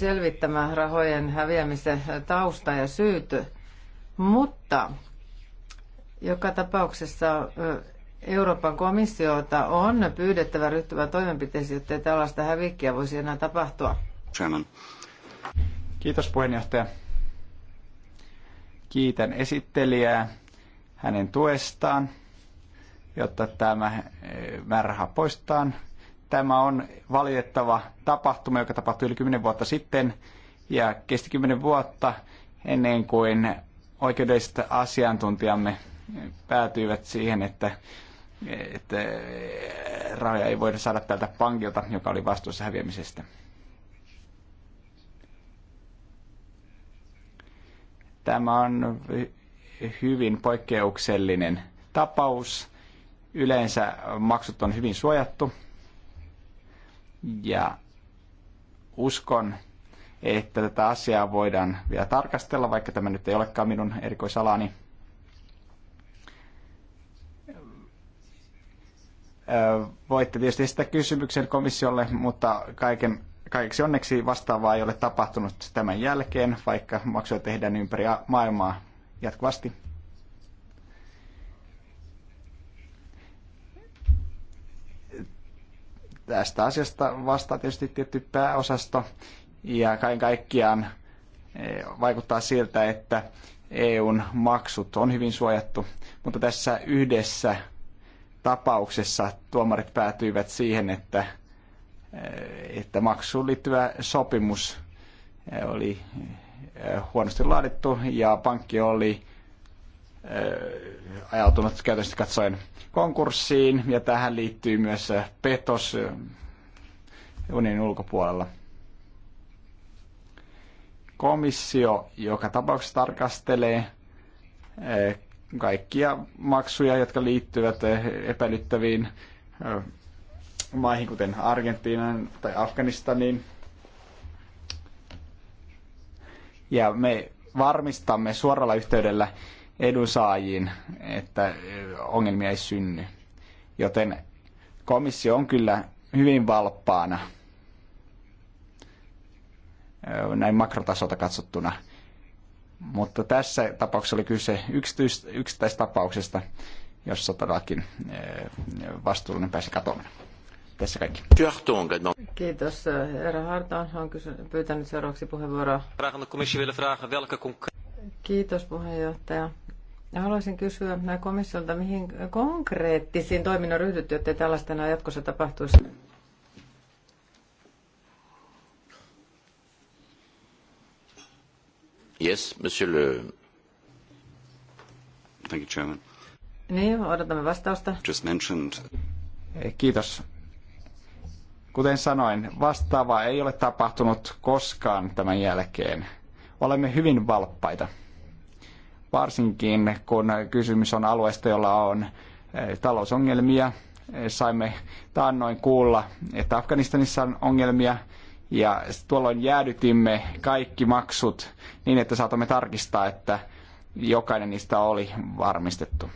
selvittämään rahojen häviämisen tausta ja syyt. Mutta joka tapauksessa Euroopan komissiota on pyydettävä ryhtymään toimenpiteisiin, jotta tällaista hävikkiä voisi enää tapahtua. Shannon. Kiitos puheenjohtaja. Kiitän esittelijää hänen tuestaan, jotta tämä määräraha poistetaan Tämä on valitettava tapahtuma, joka tapahtui yli 10 vuotta sitten ja kesti 10 vuotta ennen kuin oikeudelliset asiantuntijamme päätyivät siihen, että, että rahoja ei voida saada tältä pankilta, joka oli vastuussa häviämisestä. Tämä on hyvin poikkeuksellinen tapaus. Yleensä maksut on hyvin suojattu ja uskon, että tätä asiaa voidaan vielä tarkastella, vaikka tämä nyt ei olekaan minun erikoisalani. Voitte tietysti esittää kysymyksen komissiolle, mutta kaiken, kaikeksi onneksi vastaavaa ei ole tapahtunut tämän jälkeen, vaikka maksuja tehdään ympäri maailmaa jatkuvasti. Tästä asiasta vastaa tietysti tietty pääosasto ja kaiken kaikkiaan e, vaikuttaa siltä, että EUn maksut on hyvin suojattu, mutta tässä yhdessä tapauksessa tuomarit päätyivät siihen, että, e, että maksuun liittyvä sopimus e, oli huonosti laadittu ja pankki oli ajautunut käytännössä katsoen konkurssiin ja tähän liittyy myös äh, petos äh, unionin ulkopuolella. Komissio joka tapauksessa tarkastelee äh, kaikkia maksuja, jotka liittyvät epäilyttäviin maihin, kuten Argentiinan tai Afganistaniin. Ja me varmistamme suoralla yhteydellä edunsaajiin, että eh, ongelmia ei synny. Joten komissio on kyllä hyvin valppaana eh, näin makrotasolta katsottuna. Mutta tässä tapauksessa oli kyse yksityis- yksittäistapauksesta, jossa todellakin eh, vastuullinen pääsi katoamaan. Tässä kaikki. Kiitos. Herra Hartan on pyytänyt seuraavaksi puheenvuoroa. Kiitos puheenjohtaja. Haluaisin kysyä komissiolta, mihin konkreettisiin toiminnan ryhdytty, että tällaista enää jatkossa tapahtuisi? Yes, monsieur le... Thank you, Chairman. Niin, odotamme vastausta. Just mentioned. Eh, kiitos. Kuten sanoin, vastaavaa ei ole tapahtunut koskaan tämän jälkeen. Olemme hyvin valppaita varsinkin kun kysymys on alueesta, jolla on eh, talousongelmia. Saimme taannoin kuulla, että Afganistanissa on ongelmia ja tuolloin jäädytimme kaikki maksut niin, että saatamme tarkistaa, että jokainen niistä oli varmistettu.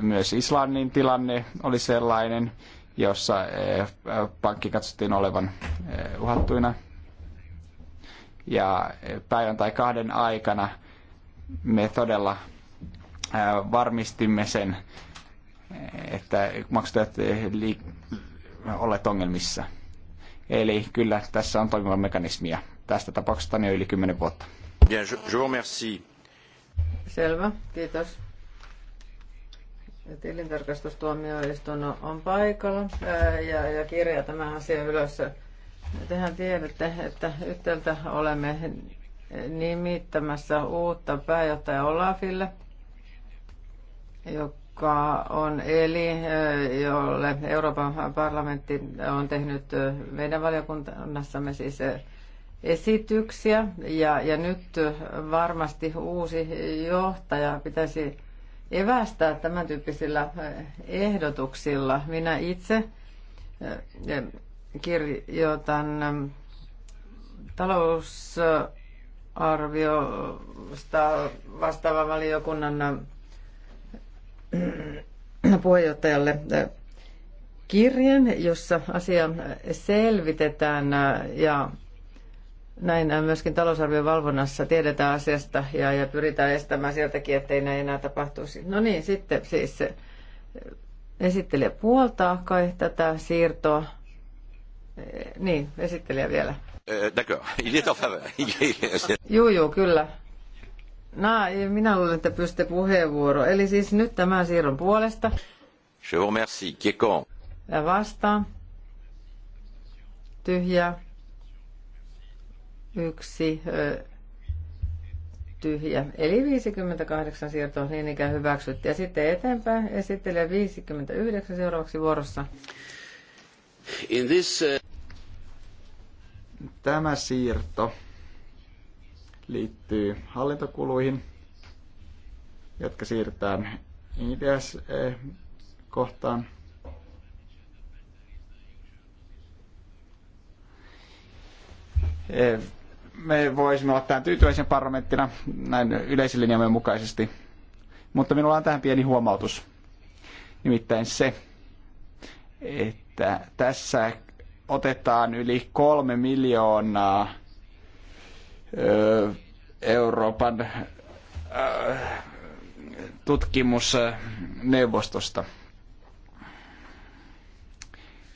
Myös Islannin tilanne oli sellainen, jossa eh, pankki katsottiin olevan eh, uhattuina – ja eh, päivän tai kahden aikana me todella varmistimme sen, eh, että maksut eivät eh, liik- olleet ongelmissa. Eli kyllä tässä on toimiva mekanismia. Tästä tapauksesta on jo yli 10 vuotta. Bien, je, je vous remercie. Selvä, kiitos. Tilintarkastustuomioistuin on paikalla ja, ja kirja tämä asia ylös. Tehän tiedätte, että yhtäältä olemme nimittämässä uutta pääjohtaja Olafille, joka on eli, eh, jolle Euroopan parlamentti on tehnyt eh, meidän valiokunnassamme siis eh, esityksiä. Ja, ja nyt varmasti uusi johtaja pitäisi evästää tämän tyyppisillä ehdotuksilla. Minä itse kirjoitan ähm, talousarviosta vastaavan valiokunnan ähm, puheenjohtajalle äh, kirjeen, jossa asia selvitetään äh, ja näin äh, myöskin talousarvion valvonnassa tiedetään asiasta ja, ja pyritään estämään sieltäkin, ettei näin enää tapahtuisi. No niin, sitten siis esittelijä puoltaa kai tätä siirtoa Eh, niin, esittelijä vielä. Eh, d'accord, il est Joo, joo, kyllä. No, minä luulen, että pystytte puheenvuoro. Eli siis nyt tämän siirron puolesta. Je vous remercie. Qui est con? Ja vastaan. Tyhjä. Yksi. tyhjä. Eli 58 siirtoa niin ikään hyväksytty. Ja sitten eteenpäin esittelee 59 seuraavaksi vuorossa. In this, uh... Tämä siirto liittyy hallintokuluihin, jotka siirretään ITS-kohtaan. Eh, eh, me voisimme olla tähän tyytyväisen parlamenttina näin yleisilinjamme mukaisesti, mutta minulla on tähän pieni huomautus. Nimittäin se, että tässä otetaan yli kolme miljoonaa Euroopan tutkimusneuvostosta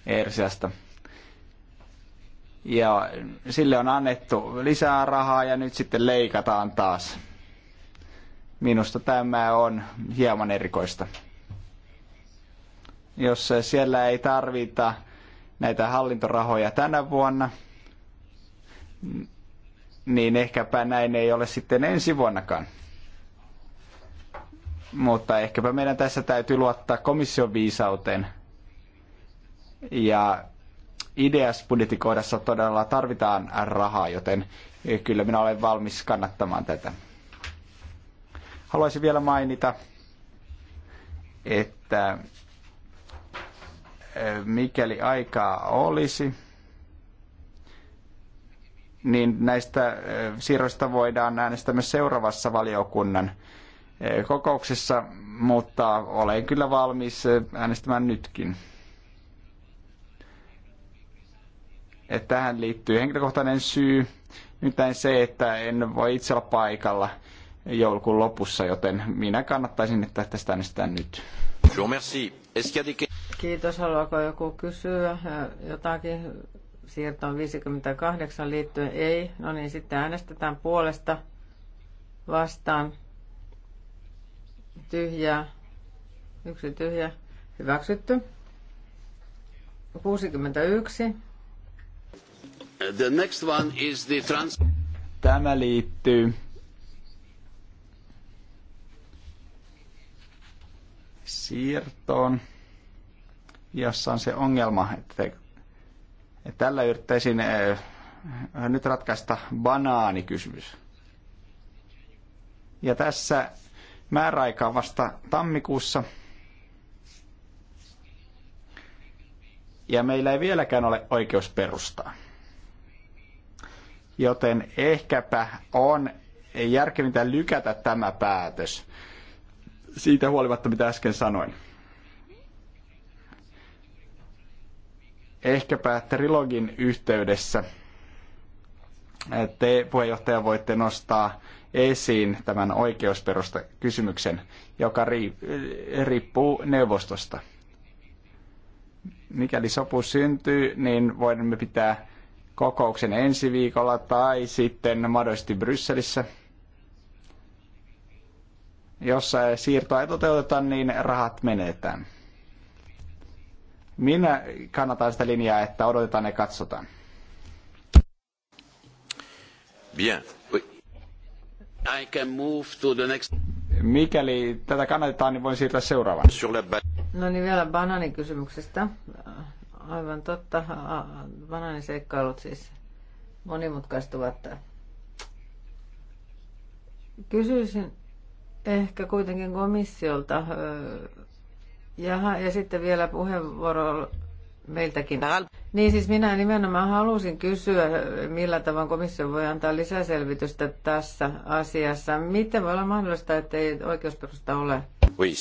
Ersiasta. Ja sille on annettu lisää rahaa ja nyt sitten leikataan taas. Minusta tämä on hieman erikoista. Jos siellä ei tarvita näitä hallintorahoja tänä vuonna, niin ehkäpä näin ei ole sitten ensi vuonnakaan. Mutta ehkäpä meidän tässä täytyy luottaa komission viisauteen. Ja ideas budjettikohdassa todella tarvitaan rahaa, joten kyllä minä olen valmis kannattamaan tätä. Haluaisin vielä mainita, että mikäli aikaa olisi, niin näistä äh, siirroista voidaan äänestää myös seuraavassa valiokunnan äh, kokouksessa, mutta olen kyllä valmis äh, äänestämään nytkin. Et tähän liittyy henkilökohtainen syy, nimittäin se, että en voi itse olla paikalla joulukuun lopussa, joten minä kannattaisin, että tästä äänestetään nyt. Merci. Kiitos. Haluaako joku kysyä jotakin? Siirtoon 58 liittyen ei. No niin, sitten äänestetään puolesta vastaan. Tyhjää. Yksi tyhjä. Hyväksytty. 61. The next one is the trans- Tämä liittyy siirtoon jossa on se ongelma, että tällä yrittäisin eh, nyt ratkaista banaanikysymys. Ja tässä määräaika on vasta tammikuussa. Ja meillä ei vieläkään ole oikeus perustaa. Joten ehkäpä on järkevintä lykätä tämä päätös siitä huolimatta, mitä äsken sanoin. ehkäpä trilogin yhteydessä te puheenjohtaja voitte nostaa esiin tämän oikeusperusta kysymyksen, joka riippuu neuvostosta. Mikäli sopu syntyy, niin voimme pitää kokouksen ensi viikolla tai sitten mahdollisesti Brysselissä. jossa siirtoa ei toteuteta, niin rahat menetään. Minä kannatan sitä linjaa, että odotetaan ja katsotaan. Bien. I can move to the next. Mikäli tätä kannatetaan, niin voin siirtää seuraavaan. No niin, vielä banaanikysymyksestä. Aivan totta. Banaaniseikkailut siis monimutkaistuvat. Kysyisin ehkä kuitenkin komissiolta Jaha, ja sitten vielä puheenvuoro meiltäkin. Niin siis minä nimenomaan halusin kysyä, millä tavalla komissio voi antaa lisäselvitystä tässä asiassa. Miten voi olla mahdollista, että ei oikeusperusta ole? Oui,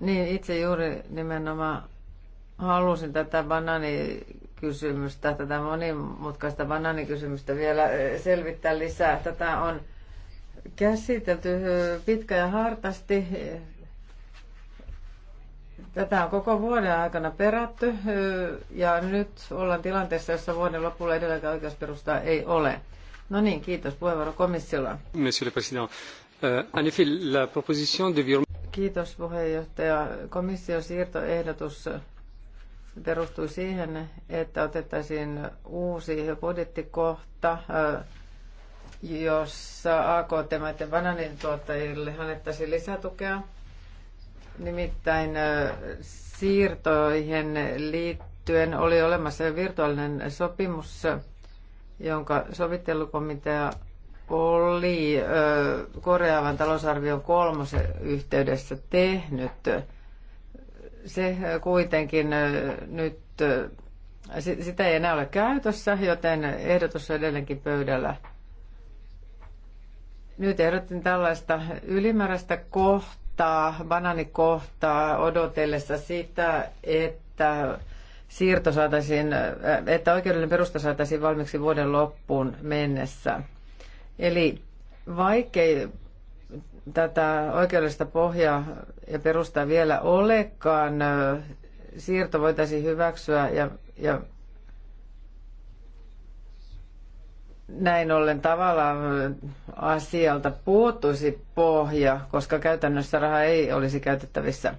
Niin, itse juuri nimenomaan halusin tätä kysymystä, tätä monimutkaista banaanikysymystä vielä eh, selvittää lisää. Tätä on käsitelty eh, pitkä ja hartasti Tätä on koko vuoden aikana perätty ja nyt ollaan tilanteessa, jossa vuoden lopulla edelläkään oikeusperustaa ei ole. No niin, kiitos puheenvuoro komissiolla. Monsieur le Président, euh, en effet, la proposition de Kiitos puheenjohtaja. Komission siirtoehdotus perustui siihen, että otettaisiin uusi budjettikohta, jossa AKT-maiden bananin tuottajille annettaisiin lisätukea Nimittäin siirtoihin liittyen oli olemassa virtuaalinen sopimus, jonka sovittelukomitea oli korjaavan talousarvion kolmosen yhteydessä tehnyt. Se kuitenkin nyt, sitä ei enää ole käytössä, joten ehdotus on edelleenkin pöydällä. Nyt ehdotin tällaista ylimääräistä kohtaa kohtaa, bananikohtaa odotellessa sitä, että siirto saataisiin, että oikeudellinen perusta saataisiin valmiiksi vuoden loppuun mennessä. Eli vaikkei tätä oikeudellista pohjaa ja perustaa vielä olekaan, siirto voitaisiin hyväksyä ja, ja näin ollen tavallaan asialta puuttuisi pohja, koska käytännössä raha ei olisi käytettävissä.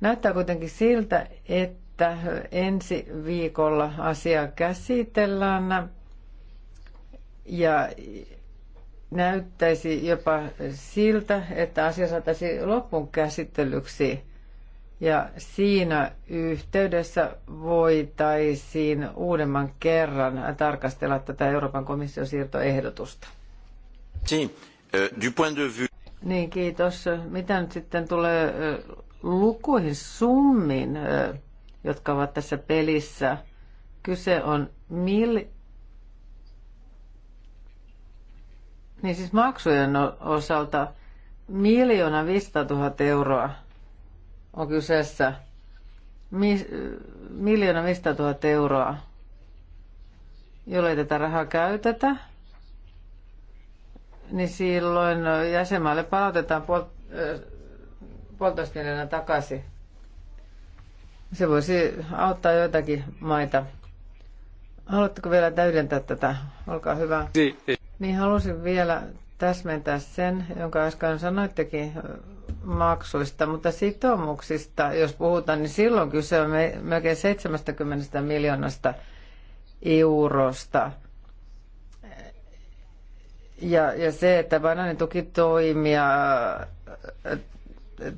Näyttää kuitenkin siltä, että ensi viikolla asia käsitellään ja näyttäisi jopa siltä, että asia saataisiin loppuun käsittelyksi ja siinä yhteydessä voitaisiin uudemman kerran tarkastella tätä Euroopan komission siirtoehdotusta. Si, eh, du point de vue... Niin, kiitos. Mitä nyt sitten tulee eh, lukuihin summin, eh, jotka ovat tässä pelissä? Kyse on mil... Niin siis maksujen osalta miljoona 500 000 euroa on kyseessä. Mi- miljoona 500 000 euroa, jolle tätä rahaa käytetä, niin silloin jäsenmaalle palautetaan puol- puolitoista miljoonaa takaisin. Se voisi auttaa joitakin maita. Haluatteko vielä täydentää tätä? Olkaa hyvä. Niin halusin vielä täsmentää sen, jonka äsken sanoittekin maksuista, mutta sitoumuksista, jos puhutaan, niin silloin kyse on melkein 70 miljoonasta eurosta. Ja, ja se, että tukitoimia äh,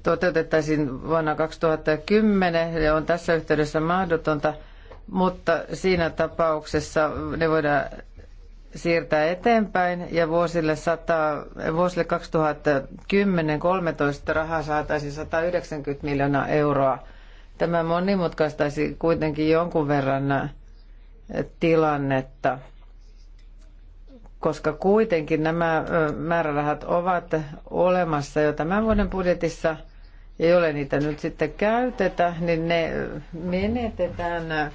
toteutettaisiin vuonna 2010, on tässä yhteydessä mahdotonta, mutta siinä tapauksessa ne voidaan siirtää eteenpäin ja vuosille, 100, vuosille 2010-2013 rahaa saataisiin 190 miljoonaa euroa. Tämä monimutkaistaisi kuitenkin jonkun verran äh, tilannetta, koska kuitenkin nämä äh, määrärahat ovat olemassa jo tämän vuoden budjetissa, ja jolle niitä nyt sitten käytetä, niin ne menetetään äh,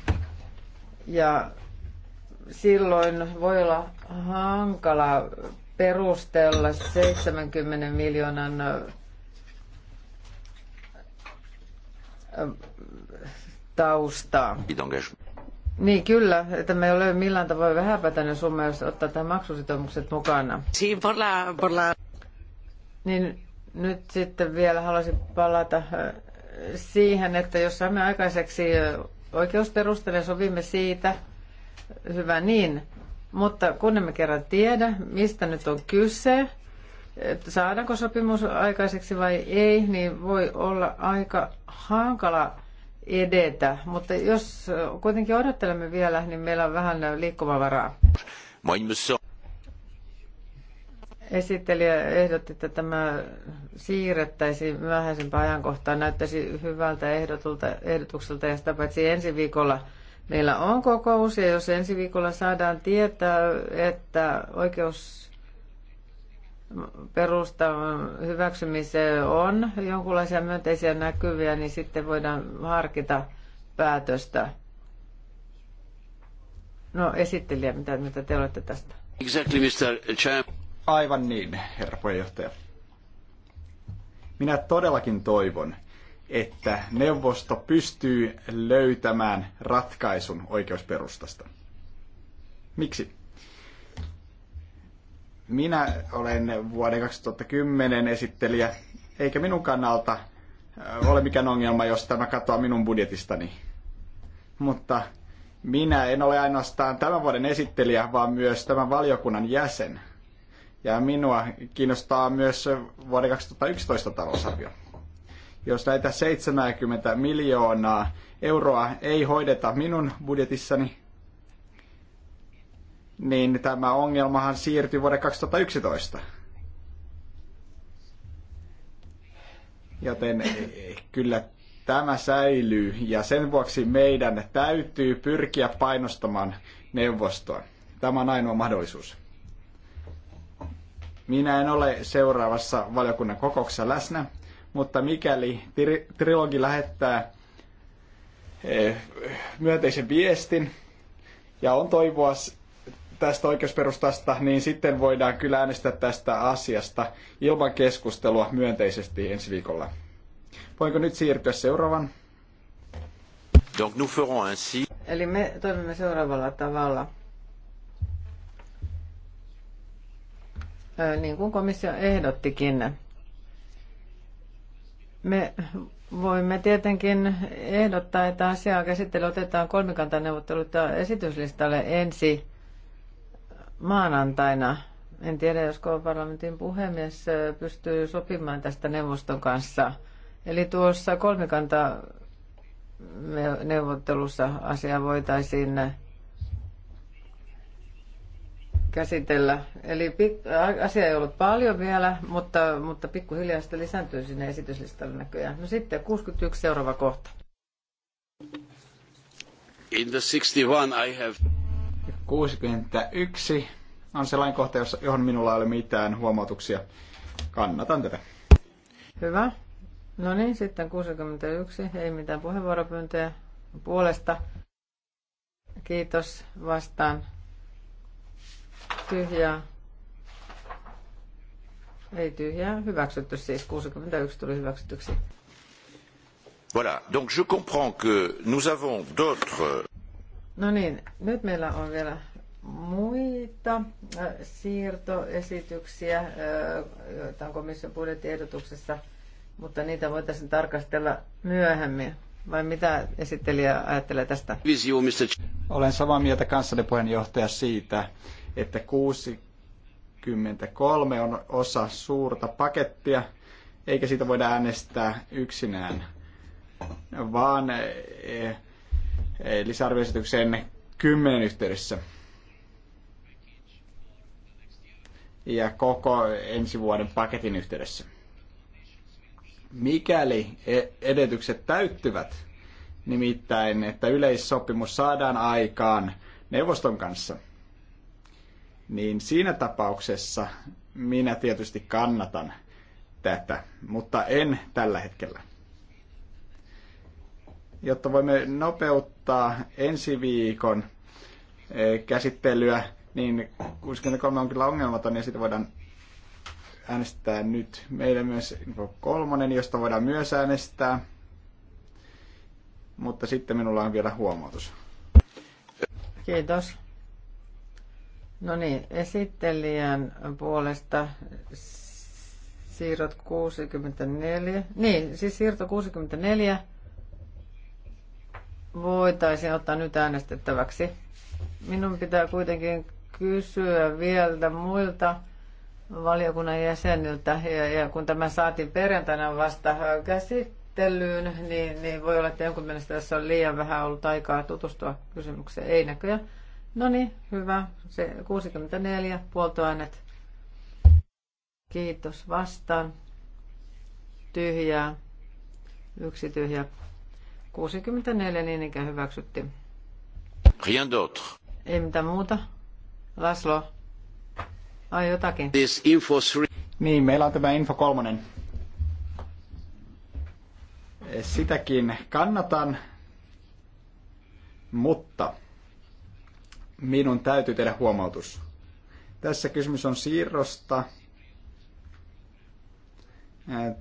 ja silloin voi olla hankala perustella 70 miljoonan taustaa. Niin kyllä, että me ei ole millään tavoin vähäpätäinen summa, jos ottaa tämän maksusitoumukset mukana. Niin nyt sitten vielä haluaisin palata siihen, että jos saamme aikaiseksi oikeusperusteella sovimme siitä, hyvä niin. Mutta kun emme kerran tiedä, mistä nyt on kyse, että saadaanko sopimus aikaiseksi vai ei, niin voi olla aika hankala edetä. Mutta jos kuitenkin odottelemme vielä, niin meillä on vähän liikkumavaraa. Esittelijä ehdotti, että tämä siirrettäisiin myöhäisempään ajankohtaan. Näyttäisi hyvältä ehdotulta, ehdotukselta ja sitä paitsi ensi viikolla – Meillä on kokous ja jos ensi viikolla saadaan tietää, että oikeus perusta hyväksymiseen on jonkinlaisia myönteisiä näkyviä, niin sitten voidaan harkita päätöstä. No esittelijä, mitä, mitä te olette tästä? Exactly, Mr. Champ. Aivan niin, herra puheenjohtaja. Minä todellakin toivon, että neuvosto pystyy löytämään ratkaisun oikeusperustasta. Miksi? Minä olen vuoden 2010 esittelijä, eikä minun kannalta ole mikään ongelma, jos tämä katoaa minun budjetistani. Mutta minä en ole ainoastaan tämän vuoden esittelijä, vaan myös tämän valiokunnan jäsen. Ja minua kiinnostaa myös vuoden 2011 talousarvio. Jos näitä 70 miljoonaa euroa ei hoideta minun budjetissani, niin tämä ongelmahan siirtyi vuoden 2011. Joten eh, kyllä tämä säilyy ja sen vuoksi meidän täytyy pyrkiä painostamaan neuvostoa. Tämä on ainoa mahdollisuus. Minä en ole seuraavassa valiokunnan kokouksessa läsnä, mutta mikäli trilogi lähettää eh, myönteisen viestin ja on toivoa tästä oikeusperustasta, niin sitten voidaan kyllä äänestää tästä asiasta ilman keskustelua myönteisesti ensi viikolla. Voinko nyt siirtyä seuraavan? Donc nous ferons ainsi. Eli me toimimme seuraavalla tavalla. Niin kuin komissio ehdottikin, me voimme tietenkin ehdottaa, että asiaa käsittely otetaan kolmikantaneuvottelut esityslistalle ensi maanantaina. En tiedä, josko parlamentin puhemies pystyy sopimaan tästä neuvoston kanssa. Eli tuossa kolmikanta neuvottelussa asia voitaisiin käsitellä. Eli asia ei ollut paljon vielä, mutta, mutta pikkuhiljaa sitä lisääntyy sinne esityslistalle näköjään. No sitten 61 seuraava kohta. In the 61 I have... 61 on sellainen kohta, johon minulla ei ole mitään huomautuksia. Kannatan tätä. Hyvä. No niin, sitten 61. Ei mitään puheenvuoropyyntöjä puolesta. Kiitos vastaan tyhjää. Ei tyhjää, hyväksytty siis. 61 tuli hyväksytyksi. Voilà, donc je comprends que nous avons d'autres... No niin, nyt meillä on vielä muita äh, siirtoesityksiä, äh, joita on komission budjettiehdotuksessa, mutta niitä voitaisiin tarkastella myöhemmin. Vai mitä esittelijä ajattelee tästä? Olen samaa mieltä kanssanne puheenjohtaja siitä, että 63 on osa suurta pakettia, eikä siitä voida äänestää yksinään, vaan eh, eh, lisäarvioesityksen 10 yhteydessä. Ja koko ensi vuoden paketin yhteydessä. Mikäli e-, edetykset täyttyvät, nimittäin että yleissopimus saadaan aikaan neuvoston kanssa – niin siinä tapauksessa minä tietysti kannatan tätä, mutta en tällä hetkellä. Jotta voimme nopeuttaa ensi viikon eh, käsittelyä, niin 63 on kyllä ongelmaton ja sitä voidaan äänestää nyt. Meillä myös kolmonen, josta voidaan myös äänestää. Mutta sitten minulla on vielä huomautus. Kiitos. No niin, esittelijän puolesta siirrot 64, niin siis siirto 64 voitaisiin ottaa nyt äänestettäväksi. Minun pitää kuitenkin kysyä vielä muilta valiokunnan jäseniltä, ja, ja kun tämä saatiin perjantaina vasta käsittelyyn, niin, niin voi olla, että jonkun mielestä tässä on liian vähän ollut aikaa tutustua kysymykseen. Ei näköjään. No niin, hyvä. Se 64 puoltoainet. Kiitos vastaan. Tyhjää. Yksi tyhjä. 64 niin ikään hyväksyttiin. Rien d'autre. Ei mitään muuta. Laslo. Ai jotakin. This info three. Niin, meillä on tämä info kolmonen. Sitäkin kannatan, mutta minun täytyy tehdä huomautus. Tässä kysymys on siirrosta äh,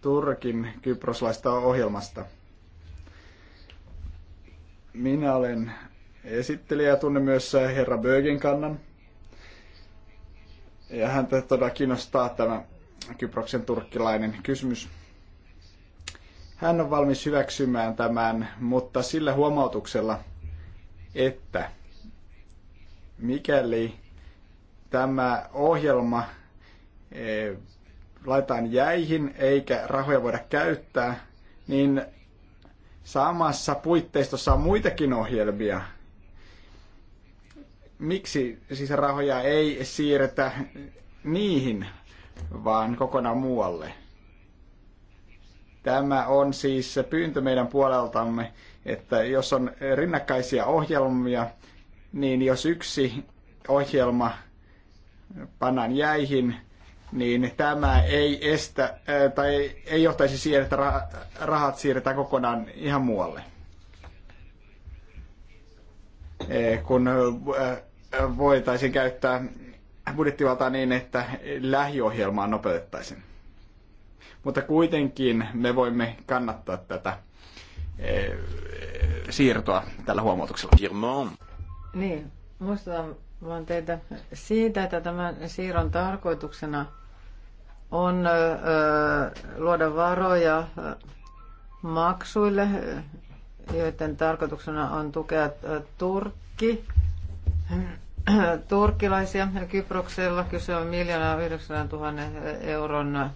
Turkin kyproslaista ohjelmasta. Minä olen esittelijä ja tunnen myös äh, herra Bögin kannan. Ja häntä todella kiinnostaa tämä Kyproksen turkkilainen kysymys. Hän on valmis hyväksymään tämän, mutta sillä huomautuksella – että mikäli tämä ohjelma eh, laitetaan jäihin eikä rahoja voida käyttää, niin samassa puitteistossa on muitakin ohjelmia. Miksi siis rahoja ei siirretä niihin, vaan kokonaan muualle? Tämä on siis pyyntö meidän puoleltamme että jos on rinnakkaisia ohjelmia, niin jos yksi ohjelma pannaan jäihin, niin tämä ei estä tai ei johtaisi siihen, että rahat siirretään kokonaan ihan muualle. Kun voitaisiin käyttää budjettivaltaa niin, että lähiohjelmaa nopeuttaisiin. Mutta kuitenkin me voimme kannattaa tätä Eh, siirtoa tällä huomautuksella. Niin, muistutan vaan teitä siitä, että tämän siirron tarkoituksena on luoda varoja maksuille, joiden tarkoituksena on tukea Turkki, turkkilaisia Kyproksella. Kyse on miljoonaa 900 000 euron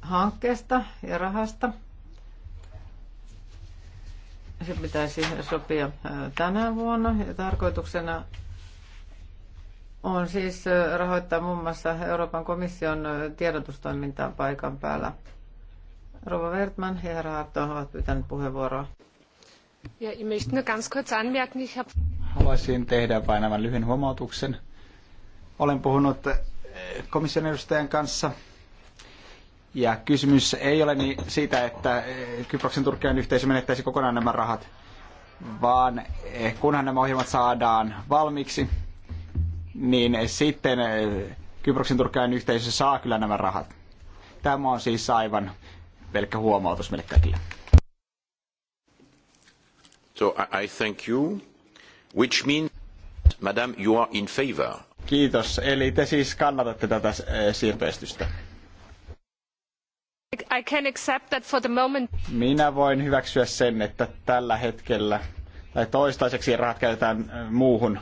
hankkeesta ja rahasta – se pitäisi sopia tänä vuonna. Ja tarkoituksena on siis rahoittaa muun mm. muassa Euroopan komission tiedotustoimintaa paikan päällä. Rova Wertmann ja herra Harto ovat pyytäneet puheenvuoroa. Haluaisin tehdä vain aivan lyhyen huomautuksen. Olen puhunut komission edustajan kanssa ja kysymys ei ole niin siitä, että eh, Kyproksen Turkkian yhteisö menettäisi kokonaan nämä rahat, vaan eh, kunhan nämä ohjelmat saadaan valmiiksi, niin sitten eh, Kyproksen Turkkian yhteisö saa kyllä nämä rahat. Tämä on siis aivan pelkkä huomautus meille kaikille. So I thank you, which means, madam, you are in favor. Kiitos. Eli te siis kannatatte tätä siirtoestystä. I can accept that for the moment. Minä voin hyväksyä sen, että tällä hetkellä tai toistaiseksi rahat käytetään muuhun.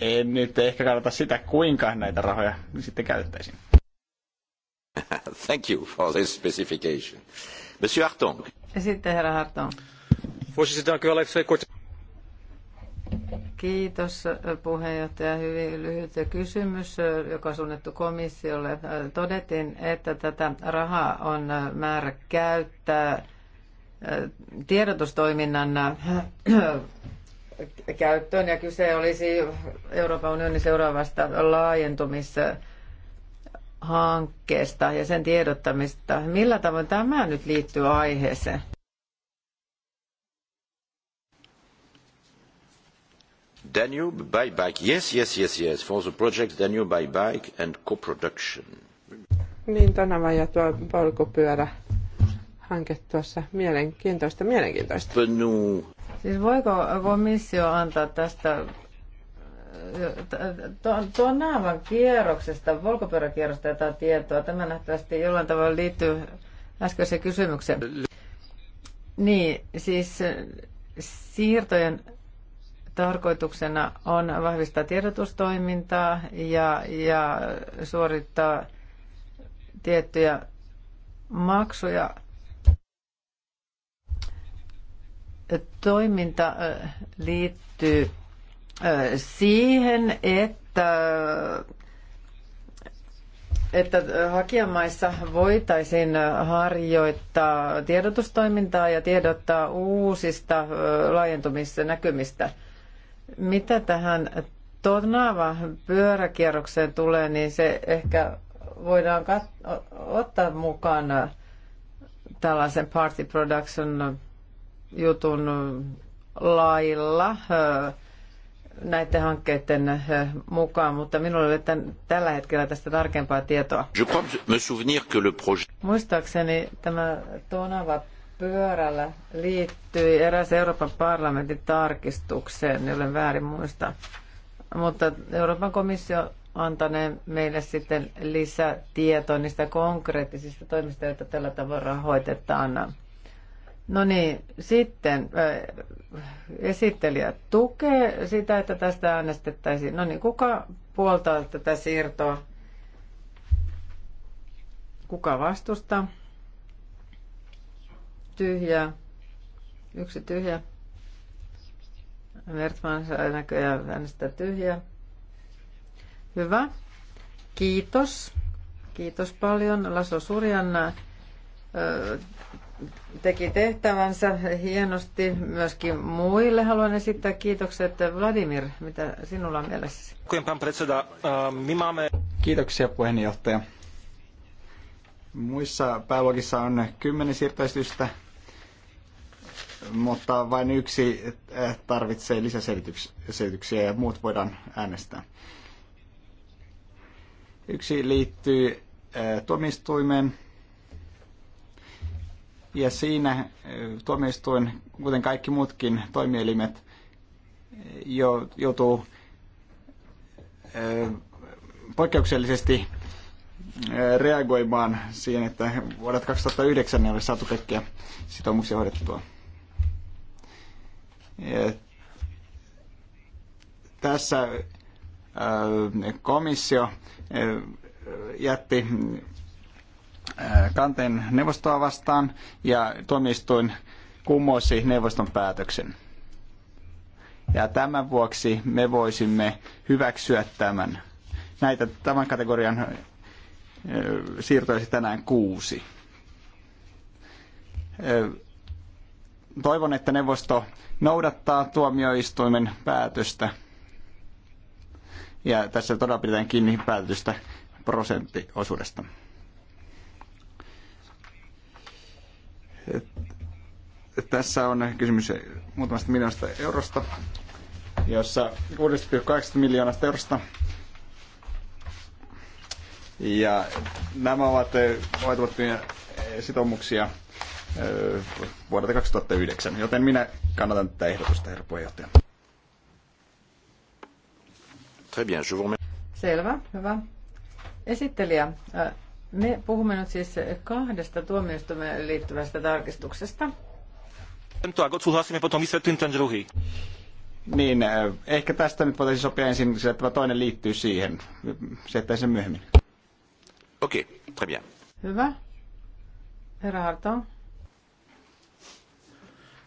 En nyt ehkä kannata sitä, kuinka näitä rahoja sitten käytettäisiin. Thank you for this specification. Monsieur Harton. Ja sitten herra Harton. Voorzitter, dank u wel. Kiitos puheenjohtaja. Hyvin lyhyt kysymys, joka on suunnattu komissiolle. Todettiin, että tätä rahaa on määrä käyttää äh, tiedotustoiminnan äh, käyttöön ja kyse olisi Euroopan unionin seuraavasta laajentumishankkeesta ja sen tiedottamista. Millä tavoin tämä nyt liittyy aiheeseen? Danube buyback. Yes, yes, yes, yes, for the projects Danube buyback and co-production. Niin, Tonava ja tuo polkupyörä hanke tuossa. Mielenkiintoista, mielenkiintoista. Penu. Siis voiko komissio antaa tästä tuon, tuon naavan kierroksesta, polkupyöräkierrosta jotain tietoa? Tämä nähtävästi jollain tavalla liittyy äskeiseen kysymykseen. Niin, siis siirtojen Tarkoituksena on vahvistaa tiedotustoimintaa ja, ja suorittaa tiettyjä maksuja. Toiminta liittyy siihen, että että hakijamaissa voitaisiin harjoittaa tiedotustoimintaa ja tiedottaa uusista laajentumisnäkymistä. näkymistä mitä tähän tornaava pyöräkierrokseen tulee, niin se ehkä voidaan ottaa mukaan tällaisen party production jutun lailla näiden hankkeiden mukaan, mutta minulla ei ole tällä hetkellä tästä tarkempaa tietoa. Je crois me souvenir que le projet... Muistaakseni tämä Tonava pyörällä liittyi eräs Euroopan parlamentin tarkistukseen, jolle niin väärin muista. Mutta Euroopan komissio antanee meille sitten lisätietoa niistä konkreettisista toimista, joita tällä tavalla rahoitetaan. No niin, sitten äh, esittelijä tukee sitä, että tästä äänestettäisiin. No niin, kuka puoltaa tätä siirtoa? Kuka vastustaa? tyhjää. Yksi tyhjä. vertman sai näköjään äänestää tyhjää. Hyvä. Kiitos. Kiitos paljon. laso Surjan teki tehtävänsä hienosti myöskin muille. Haluan esittää kiitokset. Vladimir, mitä sinulla on mielessäsi? Kiitoksia puheenjohtaja. Muissa pääluokissa on kymmenen siirtäistystä mutta vain yksi tarvitsee lisäselityksiä ja muut voidaan äänestää. Yksi liittyy eh, tuomioistuimeen. Ja siinä eh, tuomioistuin, kuten kaikki muutkin toimielimet, jo, joutuu eh, poikkeuksellisesti reagoimaan siihen, että vuodet 2009 ei ole saatu kaikkia sitoumuksia hoidettua. Tässä komissio jätti kanteen neuvostoa vastaan ja tuomioistuin kumosi neuvoston päätöksen. Ja tämän vuoksi me voisimme hyväksyä tämän. Näitä tämän kategorian siirtoisi tänään kuusi. Toivon, että neuvosto noudattaa tuomioistuimen päätöstä. Ja tässä todella pidetään kiinni päätöstä prosenttiosuudesta. Tässä on kysymys muutamasta miljoonasta eurosta, jossa 6,8 miljoonasta eurosta. Ja nämä ovat hoitamattomia äh, sitoumuksia vuodelta 2009, joten minä kannatan tätä ehdotusta, herra puheenjohtaja. Très bien, je vous Selvä, hyvä. Esittelijä, äh, me puhumme nyt siis kahdesta tuomioistumeen liittyvästä tarkistuksesta. Niin, äh, ehkä tästä nyt voitaisiin sopia ensin, sillä tämä toinen liittyy siihen. Se sen myöhemmin. Okei, okay, très bien. Hyvä. Herra Harton.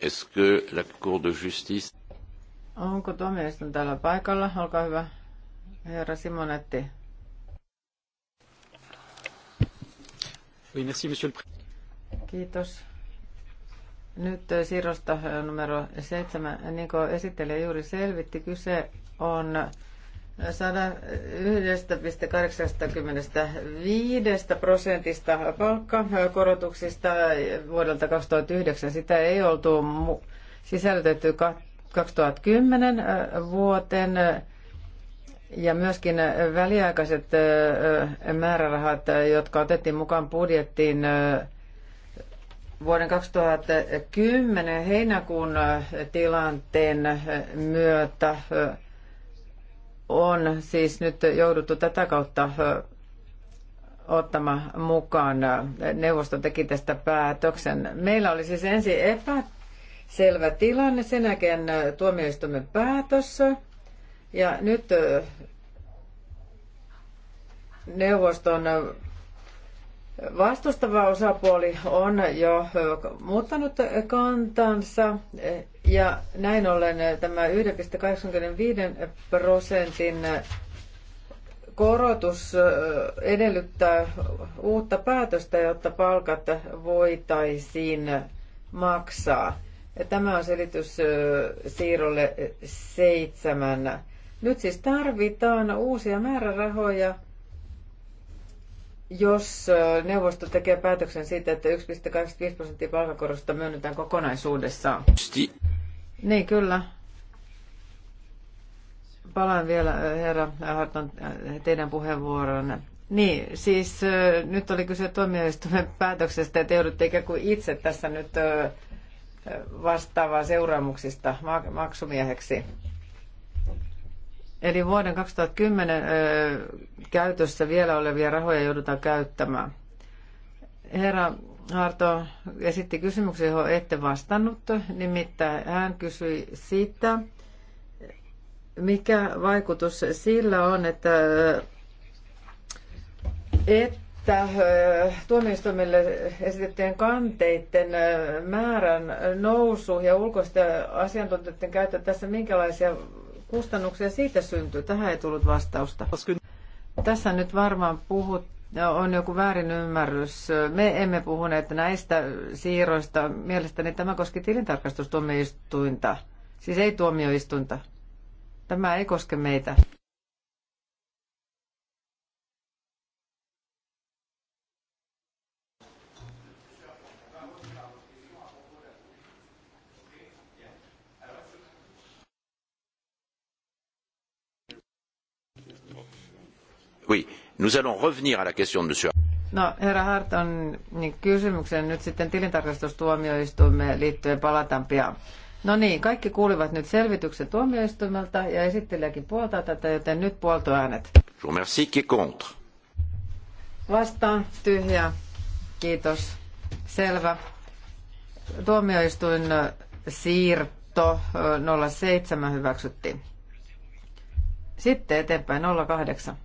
Est-ce que la Cour de justice... Onko tuomioistuin täällä paikalla? Olkaa hyvä, herra Simonetti. Oui, merci, monsieur le... Kiitos. Nyt siirrosta numero seitsemän. Niin kuin esittelijä juuri selvitti, kyse on 101,85 prosentista palkkakorotuksista vuodelta 2009. Sitä ei oltu sisällytetty 2010 vuoteen. Ja myöskin väliaikaiset määrärahat, jotka otettiin mukaan budjettiin vuoden 2010 heinäkuun tilanteen myötä, on siis nyt jouduttu tätä kautta ottamaan mukaan. Neuvosto teki tästä päätöksen. Meillä oli siis ensin epäselvä tilanne, sen jälkeen tuomioistuimen päätös. Ja nyt neuvoston Vastustava osapuoli on jo muuttanut kantansa ja näin ollen tämä 1,85 prosentin korotus edellyttää uutta päätöstä, jotta palkat voitaisiin maksaa. tämä on selitys siirrolle seitsemän. Nyt siis tarvitaan uusia määrärahoja – jos neuvosto tekee päätöksen siitä, että 1,25 prosenttia palkakorosta myönnetään kokonaisuudessaan. Sti. Niin, kyllä. Palaan vielä, herra Harton, teidän puheenvuoronne. Niin, siis nyt oli kyse tuomioistuimen päätöksestä, että joudutte ikään kuin itse tässä nyt vastaavaa seuraamuksista maksumieheksi. Eli vuoden 2010 käytössä vielä olevia rahoja joudutaan käyttämään. Herra Harto esitti kysymyksen, johon ette vastannut. Nimittäin hän kysyi siitä, mikä vaikutus sillä on, että, että tuomioistuimille esitettyjen kanteiden määrän nousu ja ulkoisten asiantuntijoiden käyttö tässä minkälaisia kustannuksia siitä syntyy? Tähän ei tullut vastausta. Tässä nyt varmaan puhut, on joku väärin ymmärrys. Me emme puhuneet näistä siirroista. Mielestäni tämä koski tilintarkastustuomioistuinta. Siis ei tuomioistuinta. Tämä ei koske meitä. Oui, nous allons revenir à la question de monsieur. No, herra Harton, niin kysymyksen nyt sitten tilintarkastustuomioistuimeen liittyen palataan pian. No niin, kaikki kuulivat nyt selvityksen tuomioistuimelta ja esittelijäkin puoltaa tätä, joten nyt puolto äänet. Je remercie, qui contre. Vastaan, tyhjä, kiitos, selvä. Tuomioistuin siirto 07 hyväksyttiin. Sitten eteenpäin 08.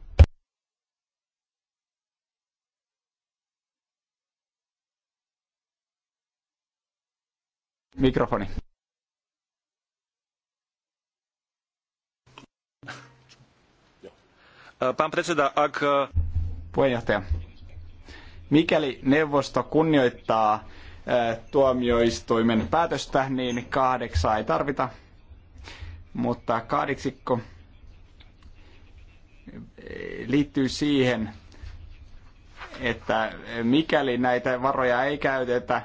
Mikrofoni. Pan predseda, ak... Puheenjohtaja. Mikäli neuvosto kunnioittaa tuomioistuimen päätöstä, niin kahdeksaa ei tarvita. Mutta kahdeksikko e, liittyy siihen, että mikäli näitä varoja ei käytetä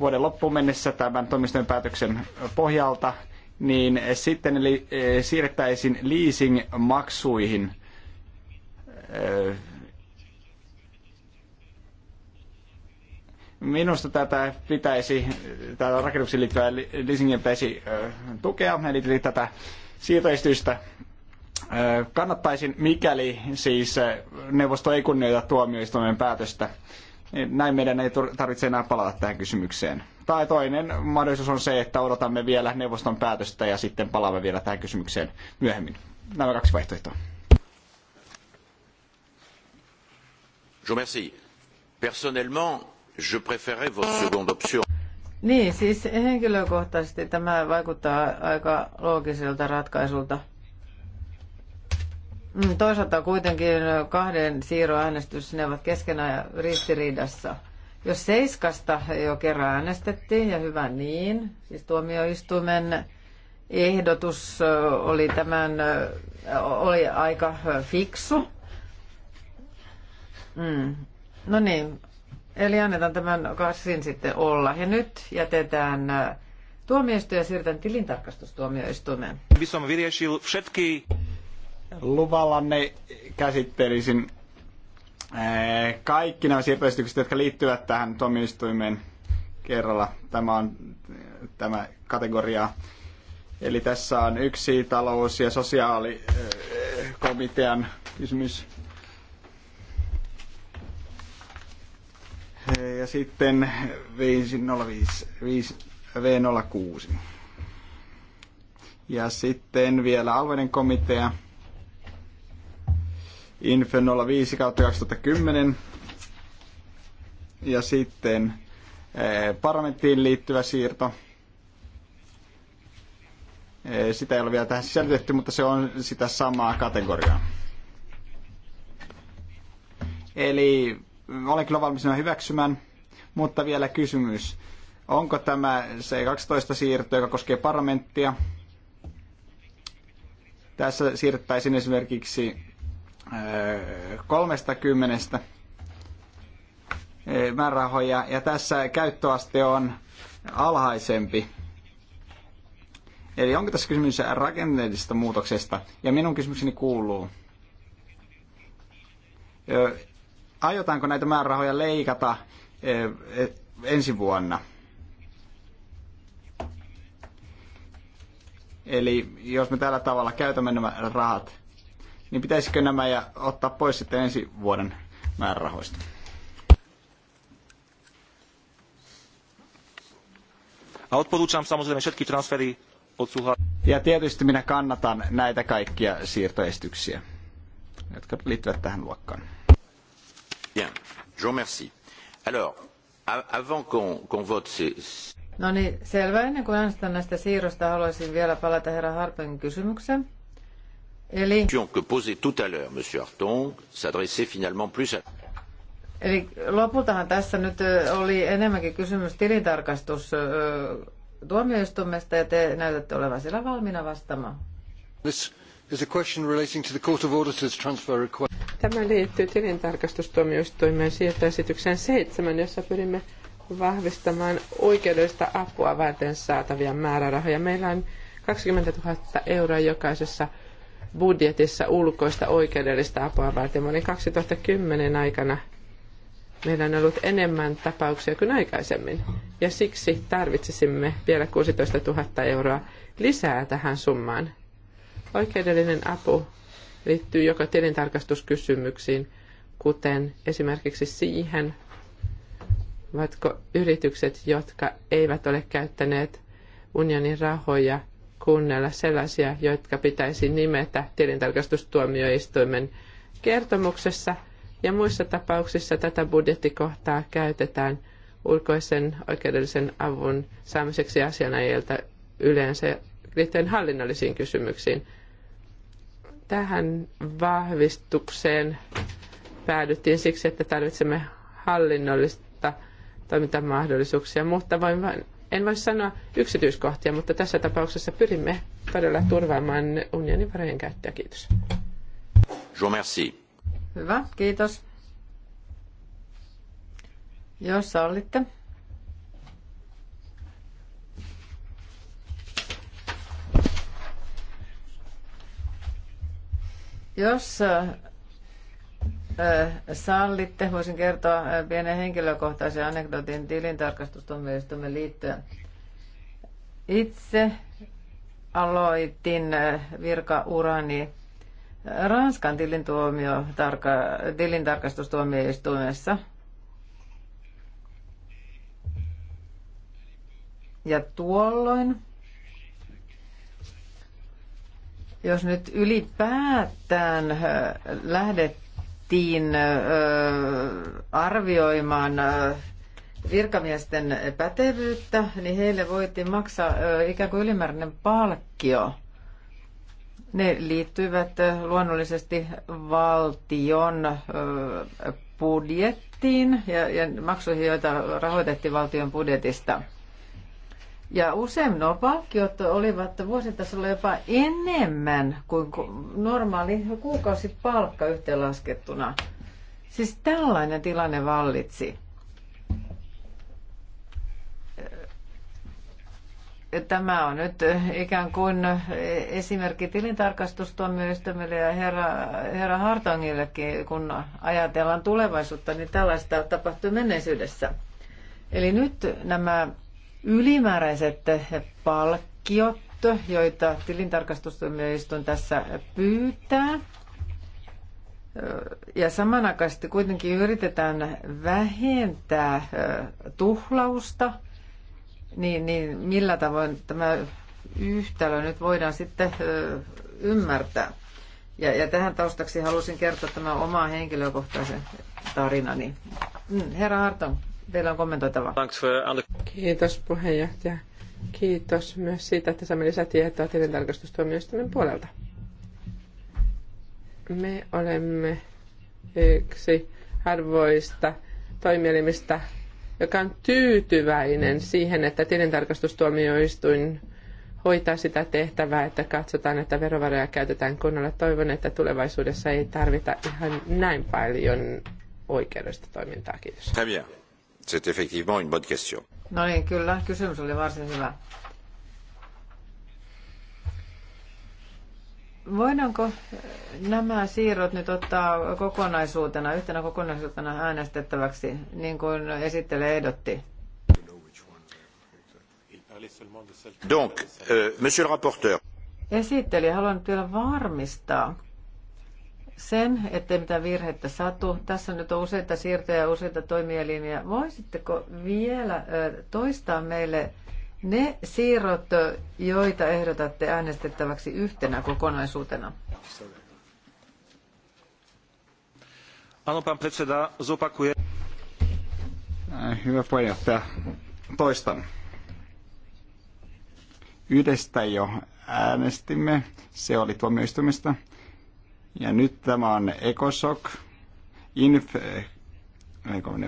vuoden loppuun mennessä tämän toimistojen päätöksen pohjalta, niin sitten eli e, siirrettäisiin leasing-maksuihin e, minusta tätä pitäisi, tätä rakennuksiin liittyvää leasingia pitäisi e, tukea, eli tätä siirtoistystä kannattaisin, mikäli siis neuvosto ei kunnioita tuomioistuimen päätöstä. Näin meidän ei tarvitse enää palata tähän kysymykseen. Tai toinen mahdollisuus on se, että odotamme vielä neuvoston päätöstä ja sitten palaamme vielä tähän kysymykseen myöhemmin. Nämä kaksi vaihtoehtoa. Je remercie. Personnellement, je préférais votre seconde option. Niin, siis henkilökohtaisesti tämä vaikuttaa aika loogiselta ratkaisulta. Mm, toisaalta kuitenkin kahden äänestys ne ovat keskenään ristiriidassa. Jos Seiskasta jo kerran äänestettiin, ja hyvä niin, siis tuomioistuimen ehdotus oli, tämän, oli aika fiksu. Mm. No niin, eli annetaan tämän kassin sitten olla. Ja nyt jätetään tuomioistuja ja siirrytään tilintarkastustuomioistuimeen. By vyriešil všetky luvallanne käsittelisin eh, kaikki nämä siirtoesitykset, jotka liittyvät tähän tuomioistuimeen kerralla. Tämä on eh, tämä kategoria. Eli tässä on yksi talous- ja sosiaalikomitean eh, kysymys. Ja sitten 505, 5, V06. Ja sitten vielä alueiden komitea Infe 05 kautta 2010. Ja sitten eh, parlamenttiin liittyvä siirto. Eh, sitä ei ole vielä tähän sisällytetty, mutta se on sitä samaa kategoriaa. Eli eh, olen kyllä valmis hyväksymään, mutta vielä kysymys. Onko tämä se 12 siirto, joka koskee parlamenttia? Tässä siirrettäisiin esimerkiksi kymmenestä eh, määrärahoja ja tässä käyttöaste on alhaisempi. Eli onko tässä kysymys rakenteellisesta muutoksesta? Ja minun kysymykseni kuuluu, aiotaanko näitä määrärahoja leikata e, ensi vuonna? Eli jos me tällä tavalla käytämme nämä rahat, niin pitäisikö nämä ja ottaa pois sitten ensi vuoden määrärahoista? Ja tietysti minä kannatan näitä kaikkia siirtoestyksiä, jotka liittyvät tähän luokkaan. Bien, je remercie. Alors, avant qu'on qu vote c'est No niin, selvä. Ennen kuin äänestän näistä siirrosta, haluaisin vielä palata herra Harpen kysymykseen. Eli... que posait tout à l'heure M. Hartong s'adressait finalement plus à... Eli lopultahan tässä nyt oli enemmänkin kysymys tilintarkastus tuomioistuimesta ja te näytätte olevan siellä valmiina vastaamaan. Tämä liittyy tilintarkastustuomioistuimen siirtoesitykseen seitsemän, jossa pyrimme vahvistamaan oikeudellista apua varten saatavia määrärahoja. Meillä on 20 000 euroa jokaisessa budjetissa ulkoista oikeudellista apua varten. Mä olin 2010 aikana meillä on ollut enemmän tapauksia kuin aikaisemmin. Ja siksi tarvitsisimme vielä 16 000 euroa lisää tähän summaan. Oikeudellinen apu liittyy joko tilintarkastuskysymyksiin, kuten esimerkiksi siihen, ovatko yritykset, jotka eivät ole käyttäneet unionin rahoja – kuunnella sellaisia, jotka pitäisi nimetä tilintarkastustuomioistuimen kertomuksessa, ja muissa tapauksissa tätä budjettikohtaa käytetään ulkoisen oikeudellisen avun saamiseksi asianajilta yleensä liittyen hallinnollisiin kysymyksiin. Tähän vahvistukseen päädyttiin siksi, että tarvitsemme hallinnollista toimintamahdollisuuksia, mutta voin vain en voi sanoa yksityiskohtia, mutta tässä tapauksessa pyrimme todella turvaamaan unionin varojen käyttöä. Kiitos. Jo, merci. Hyvä, kiitos. Jos sallitte. Jos äh, sallitte, voisin kertoa pienen henkilökohtaisen anekdotin tilintarkastustuomioistuimen liittyen. Itse aloitin virkaurani Ranskan tilintuomio, tarka, tilintarkastustuomioistuimessa. Ja tuolloin, jos nyt ylipäätään lähdettiin pyrittiin arvioimaan virkamiesten pätevyyttä, niin heille voitiin maksaa ikään kuin ylimääräinen palkkio. Ne liittyivät luonnollisesti valtion budjettiin ja, ja maksuihin, joita rahoitettiin valtion budjetista – ja usein nuo palkkiot olivat vuositasolla jopa enemmän kuin normaali kuukausipalkka yhteenlaskettuna. Siis tällainen tilanne vallitsi. Tämä on nyt ikään kuin esimerkki tilintarkastustuomioistuimelle ja herra, herra Hartongillekin, kun ajatellaan tulevaisuutta, niin tällaista tapahtui menneisyydessä. Eli nyt nämä ylimääräiset palkkiot, joita tilintarkastustoimioistuin tässä pyytää, ja samanaikaisesti kuitenkin yritetään vähentää tuhlausta, niin, niin millä tavoin tämä yhtälö nyt voidaan sitten ymmärtää. Ja, ja tähän taustaksi halusin kertoa tämän oma henkilökohtaisen tarinani. Mm, herra Harton, vielä on kommentoitavaa. Kiitos puheenjohtaja. Kiitos myös siitä, että saamme lisätietoa tilintarkastustuomioistuimen puolelta. Me olemme yksi harvoista toimielimistä, joka on tyytyväinen siihen, että tilintarkastustuomioistuin hoitaa sitä tehtävää, että katsotaan, että verovaroja käytetään kunnolla. Toivon, että tulevaisuudessa ei tarvita ihan näin paljon oikeudesta toimintaa. Kiitos. Häviä. C'est effectivement une bonne question. No niin, kyllä, kysymys oli varsin hyvä. Voidaanko nämä siirrot nyt ottaa kokonaisuutena, yhtenä kokonaisuutena äänestettäväksi, niin kuin esittelee ehdotti? Donc, euh, monsieur le rapporteur. Esitteli, haluan vielä varmistaa, sen, ettei mitään virhettä satu. Tässä nyt on useita siirtoja ja useita toimielimiä. Voisitteko vielä toistaa meille ne siirrot, joita ehdotatte äänestettäväksi yhtenä kokonaisuutena? Ano, pan predseda, zopakuje. Äh, hyvä puheenjohtaja. Toistan. Yhdestä jo äänestimme. Se oli tuomioistumista. Ja nyt tämä on ECOSOC INF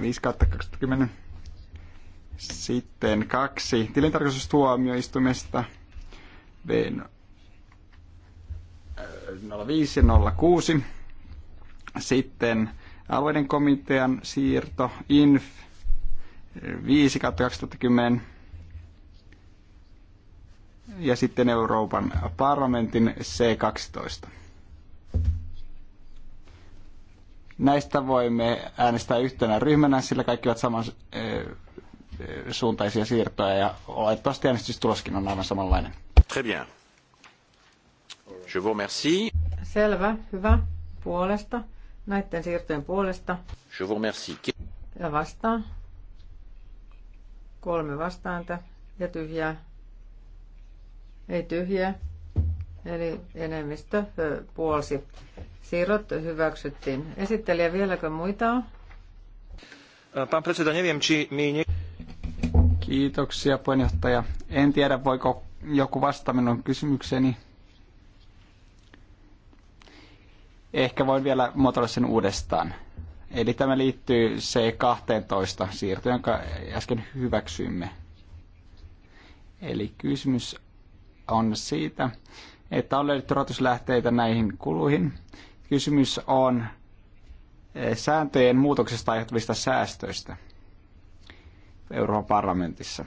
5 20. Sitten kaksi tilintarkastustuomioistumista V 05 ja 06. Sitten alueiden komitean siirto INF 5 2010 ja sitten Euroopan parlamentin C12. Näistä voimme äänestää yhtenä ryhmänä, sillä kaikki ovat saman suuntaisia siirtoja ja oletettavasti äänestystuloskin on aivan samanlainen. Très bien. Je vous remercie. Selvä, hyvä. Puolesta. Näiden siirtojen puolesta. Je vous remercie. Ja vastaan. Kolme vastaanta ja tyhjää. Ei tyhjää. Eli enemmistö puolsi. Siirrot hyväksyttiin. Esittelijä vieläkö muita on? Pan predseda, nie mi Kiitoksia puheenjohtaja. En tiedä, voiko joku vastata minun kysymykseeni. Ehkä voin vielä muotoilla sen uudestaan. Eli tämä liittyy C12 siirtoon, jonka äsken hyväksyimme. Eli kysymys on siitä, että on löydetty rahoituslähteitä näihin kuluihin. Kysymys on eh, sääntöjen muutoksesta aiheutuvista säästöistä Euroopan parlamentissa.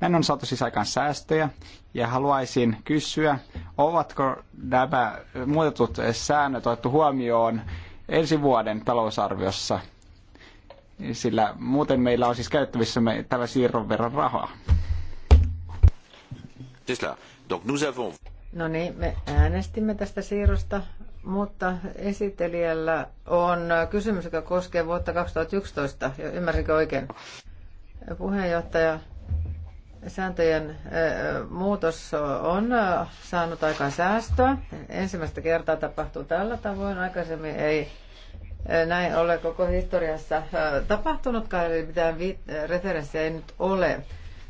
Näin on saatu siis aikaan säästöjä ja haluaisin kysyä, ovatko nämä muutetut säännöt otettu huomioon ensi vuoden talousarviossa, sillä muuten meillä on siis käyttävissä tällä siirron verran rahaa. C'est Donc nous avons... No niin, me äänestimme tästä siirrosta, mutta esitelijällä on kysymys, joka koskee vuotta 2011. Ymmärsinkö oikein? Puheenjohtaja, sääntöjen muutos on saanut aikaan säästöä. Ensimmäistä kertaa tapahtuu tällä tavoin. Aikaisemmin ei näin ole koko historiassa tapahtunutkaan, eli mitään referenssiä ei nyt ole.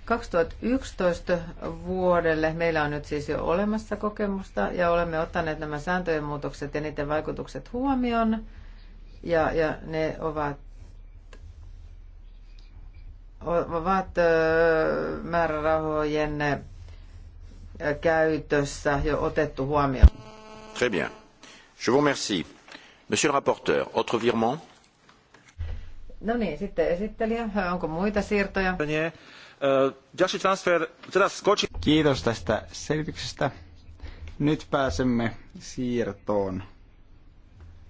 2011 vuodelle meillä on nyt siis jo olemassa kokemusta ja olemme ottaneet nämä sääntöjen muutokset ja niiden vaikutukset huomioon. Ja, ja ne ovat, ovat määrärahojen käytössä jo otettu huomioon. Très bien. Je vous remercie. Monsieur le rapporteur, autre virement? No niin, sitten esittelijä. Onko muita siirtoja? Kiitos tästä selityksestä. Nyt pääsemme siirtoon,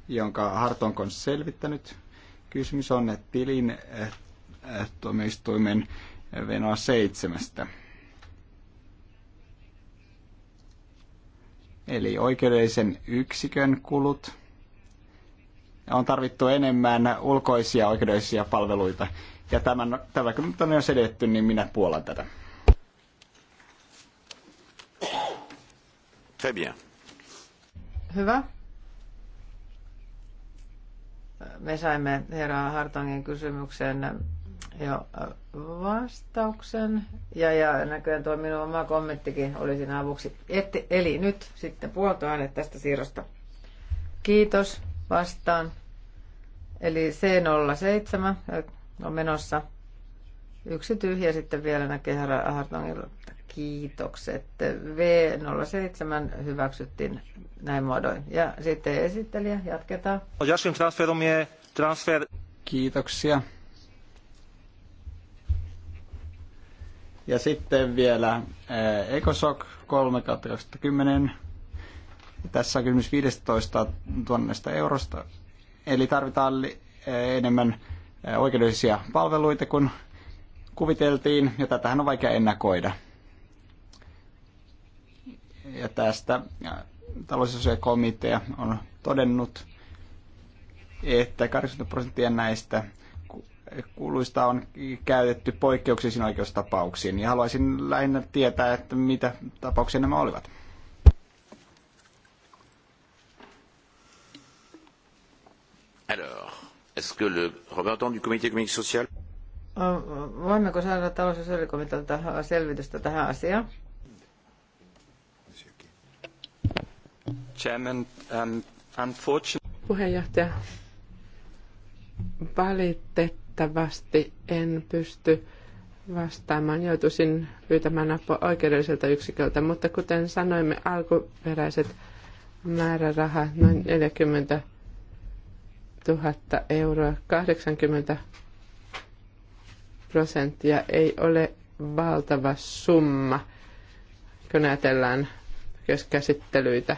jonka Hartonk on selvittänyt. Kysymys on että tilin eh, eh, tuomioistuimen Venoa seitsemästä. Eli oikeudellisen yksikön kulut. On tarvittu enemmän ulkoisia oikeudellisia palveluita ja tämän, tämä kun on jo sedetty, niin minä puolan tätä. Très bien. Hyvä. Me saimme herra Hartongin kysymykseen jo vastauksen. Ja, ja näköjään tuo minun oma kommenttikin oli siinä avuksi. Et, eli nyt sitten puoltoaine tästä siirrosta. Kiitos, vastaan. Eli C07, on menossa. Yksi tyhjä sitten vielä näkee herra Hartongilta. Kiitokset. V07 hyväksyttiin näin muodoin. Ja sitten esittelijä, jatketaan. Jaskin transferumie, transfer. Kiitoksia. Ja sitten vielä eh, EcoSoc 3 2010. Tässä on kysymys 15 000 eurosta. Eli tarvitaan eh, enemmän oikeudellisia palveluita kun kuviteltiin, ja tätähän on vaikea ennakoida. Ja tästä talousosakomitea on todennut, että 80 prosenttia näistä kuluista on käytetty poikkeuksellisiin oikeustapauksiin. Ja haluaisin lähinnä tietää, että mitä tapauksia nämä olivat. Est-ce que le représentant du comité économique social... Voimmeko saada talous- ja sosiaalikomitealta selvitystä tähän asiaan? Chairman, um, unfortunately... Puheenjohtaja, valitettavasti en pysty vastaamaan. Joutuisin pyytämään apua oikeudelliselta yksiköltä, mutta kuten sanoimme, alkuperäiset määrärahat, noin 40 000 euroa. 80 prosenttia ei ole valtava summa, kun ajatellaan käsittelyitä.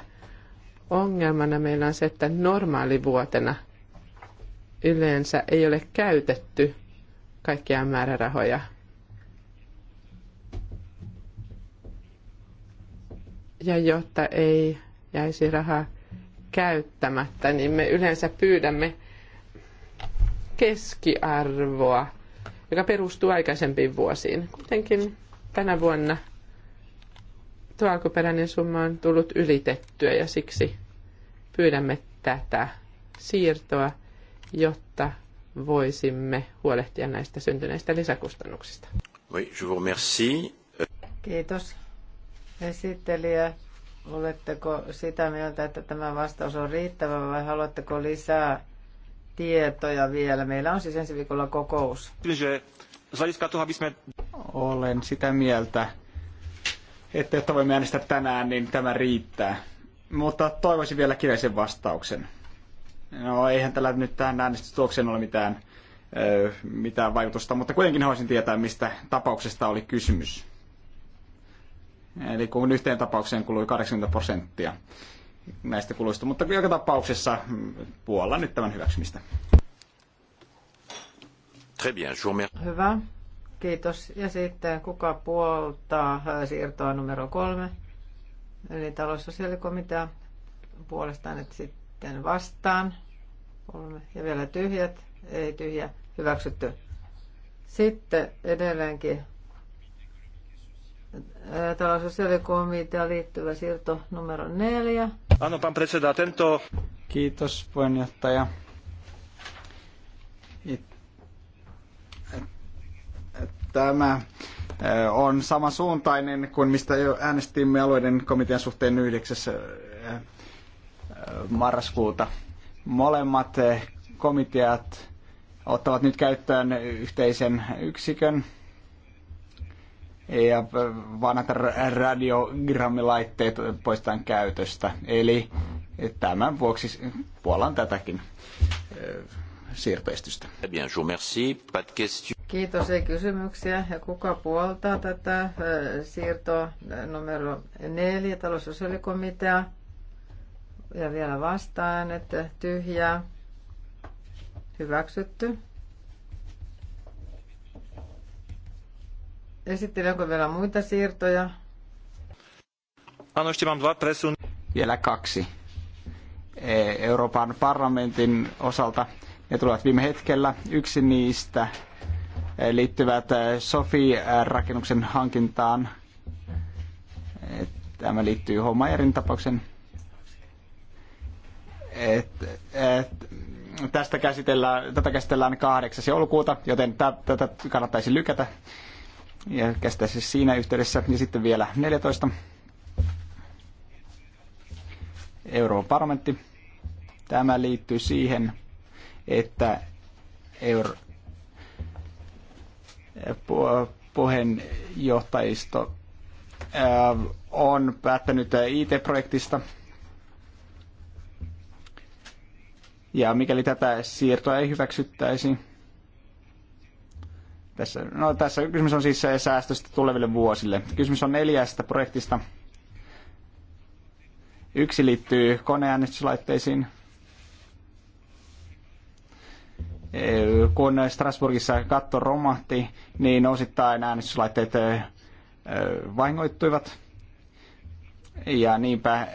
Ongelmana meillä on se, että normaalivuotena yleensä ei ole käytetty kaikkia määrärahoja. Ja jotta ei jäisi rahaa käyttämättä, niin me yleensä pyydämme keskiarvoa, joka perustuu aikaisempiin vuosiin. Kuitenkin tänä vuonna tuo alkuperäinen summa on tullut ylitettyä ja siksi pyydämme tätä siirtoa, jotta voisimme huolehtia näistä syntyneistä lisäkustannuksista. Oui, je vous remercie. Kiitos esittelijä. Oletteko sitä mieltä, että tämä vastaus on riittävä vai haluatteko lisää tietoja vielä? Meillä on siis ensi viikolla kokous. Olen sitä mieltä, että jotta voimme äänestää tänään, niin tämä riittää. Mutta toivoisin vielä kirjallisen vastauksen. No eihän tällä nyt tähän äänestystulokseen ole mitään, ö, mitään vaikutusta, mutta kuitenkin haluaisin tietää, mistä tapauksesta oli kysymys. Eli kun yhteen tapaukseen kului 80 prosenttia näistä kuluista, mutta joka tapauksessa mm, puolella nyt tämän hyväksymistä. Hyvä. Kiitos. Ja sitten kuka puoltaa äh, siirtoa numero kolme? Eli taloussosiaalikomitea puolestaan, että sitten vastaan. Kolme. Ja vielä tyhjät. Ei tyhjä. Hyväksytty. Sitten edelleenkin Tämä on sosiaalikomitea liittyvä siirto numero neljä. Annopan predseda tento. Kiitos puheenjohtaja. Tämä eh, on sama suuntainen kuin mistä jo äänestimme alueiden komitean suhteen 9. Eh, eh, marraskuuta. Molemmat komiteat ottavat nyt käyttöön yhteisen yksikön ja e vanhat radiogrammilaitteet poistetaan käytöstä. Eli tämän vuoksi puolan tätäkin e, siirtoistusta. Eh Kiitos, ei kysymyksiä. Ja kuka puoltaa tätä e, siirtoa numero neljä, taloussosiaalikomitea? Ja vielä vastaan, että tyhjää. Hyväksytty. Esittelen, vielä muita siirtoja? Vielä kaksi. E, Euroopan parlamentin osalta ne tulevat viime hetkellä. Yksi niistä e, liittyvät e, Sofi-rakennuksen hankintaan. Tämä liittyy Homajerin tapauksen. Et, et, tästä käsitellään, tätä käsitellään 8. joulukuuta, joten tätä kannattaisi lykätä ja käsitellä siis siinä yhteydessä. Ja sitten vielä 14. Euroopan parlamentti. Tämä liittyy siihen, että euro, puheenjohtajisto äh, on päättänyt IT-projektista. Ja mikäli tätä siirtoa ei hyväksyttäisi, tässä, no, tässä kysymys on siis säästöstä tuleville vuosille. Kysymys on neljästä projektista. Yksi liittyy koneäänestyslaitteisiin. Kun Strasbourgissa katto romahti, niin osittain äänestyslaitteet vahingoittuivat. Ja niinpä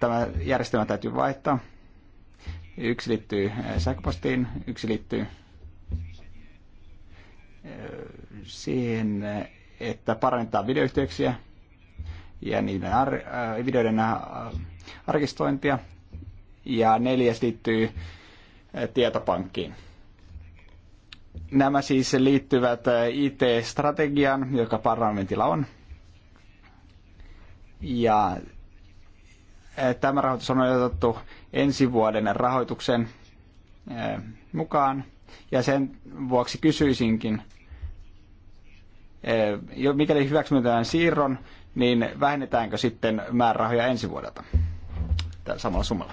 tämä järjestelmä täytyy vaihtaa. Yksi liittyy sähköpostiin, yksi liittyy siihen, että parannetaan videoyhteyksiä ja niiden ar- äh, videoiden äh, arkistointia. Ja neljäs liittyy äh, tietopankkiin. Nämä siis liittyvät IT-strategiaan, joka parlamentilla on. Ja tämä rahoitus on otettu ensi vuoden rahoituksen mukaan. Ja sen vuoksi kysyisinkin, eh, mikäli hyväksytään siirron, niin vähennetäänkö sitten määrärahoja ensi vuodelta Tällä samalla summalla?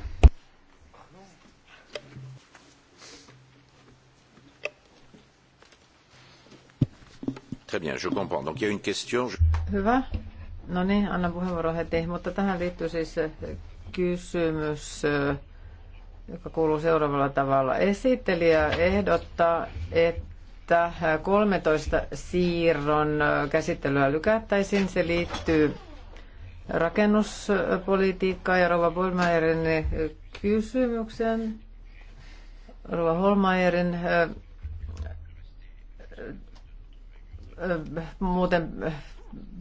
Très bien, je comprends. Donc il y a une question. Hyvä. No niin, annan puheenvuoron heti, mutta tähän liittyy siis eh, kysymys eh, joka kuuluu seuraavalla tavalla. Esittelijä ehdottaa, että 13 siirron käsittelyä lykättäisiin. Se liittyy rakennuspolitiikkaan ja Rova Bolmaerin kysymyksen. Rova Holmaerin muuten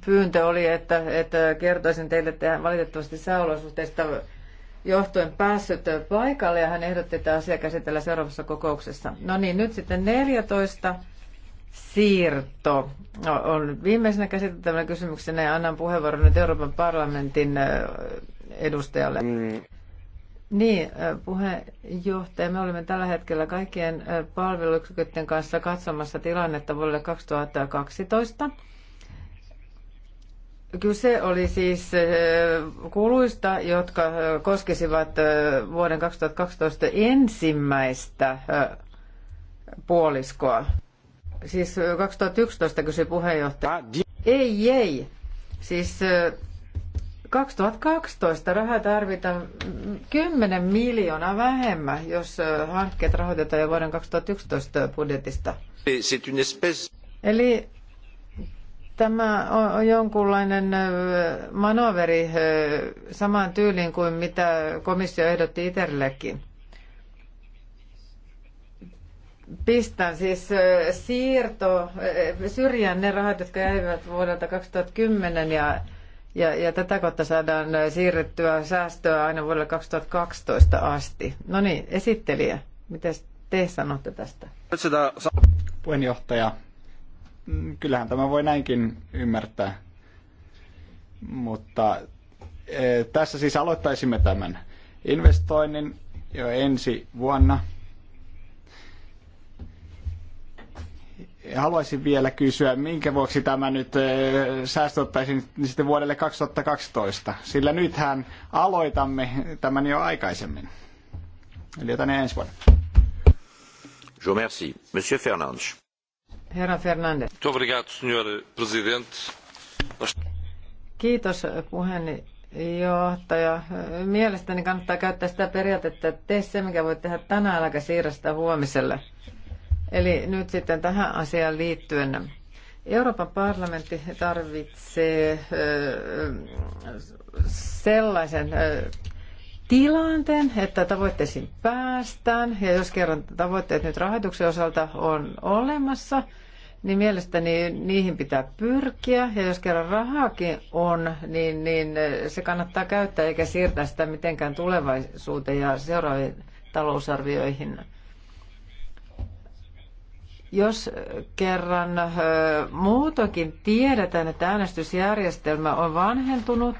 pyyntö oli, että, että kertoisin teille tähän valitettavasti sääolosuhteista Johtuen päässyt paikalle ja hän ehdotti, että asia käsitellä seuraavassa kokouksessa. No niin, nyt sitten 14 siirto no, on viimeisenä käsiteltävänä kysymyksenä ja annan puheenvuoron nyt Euroopan parlamentin edustajalle. Mm. Niin, puheenjohtaja, me olemme tällä hetkellä kaikkien palveluyksiköiden kanssa katsomassa tilannetta vuodelle 2012. Kyse oli siis kuluista, jotka koskisivat vuoden 2012 ensimmäistä puoliskoa. Siis 2011 kysyi puheenjohtaja. Ah, ei, ei. Siis 2012 rahaa tarvitaan 10 miljoonaa vähemmän, jos hankkeet rahoitetaan jo vuoden 2011 budjetista. Eli Tämä on jonkunlainen manoveri samaan tyyliin kuin mitä komissio ehdotti Iterillekin. Pistän siis siirto, syrjään ne rahat, jotka jäivät vuodelta 2010 ja, ja, ja tätä kautta saadaan siirrettyä säästöä aina vuodelle 2012 asti. No niin, esittelijä, mitä te sanotte tästä? Puheenjohtaja, kyllähän tämä voi näinkin ymmärtää. Mutta e, tässä siis aloittaisimme tämän investoinnin jo ensi vuonna. Haluaisin vielä kysyä, minkä vuoksi tämä nyt e, säästöttäisiin sitten vuodelle 2012, sillä nythän aloitamme tämän jo aikaisemmin. Eli jotain ensi vuonna. Je vous remercie. Monsieur Fernandes. Herra Kiitos eh, puheenjohtaja. Mielestäni kannattaa käyttää sitä periaatetta, että tee se, mikä voit tehdä tänään, äläkä siirrä sitä huomiselle. Eli nyt sitten tähän asiaan liittyen. Euroopan parlamentti tarvitsee eh, sellaisen eh, tilanteen, että tavoitteisiin päästään, ja jos kerran tavoitteet nyt rahoituksen osalta on olemassa, niin mielestäni niihin pitää pyrkiä. Ja jos kerran rahaakin on, niin, niin se kannattaa käyttää eikä siirtää sitä mitenkään tulevaisuuteen ja seuraaviin talousarvioihin. Jos kerran muutokin tiedetään, että äänestysjärjestelmä on vanhentunut,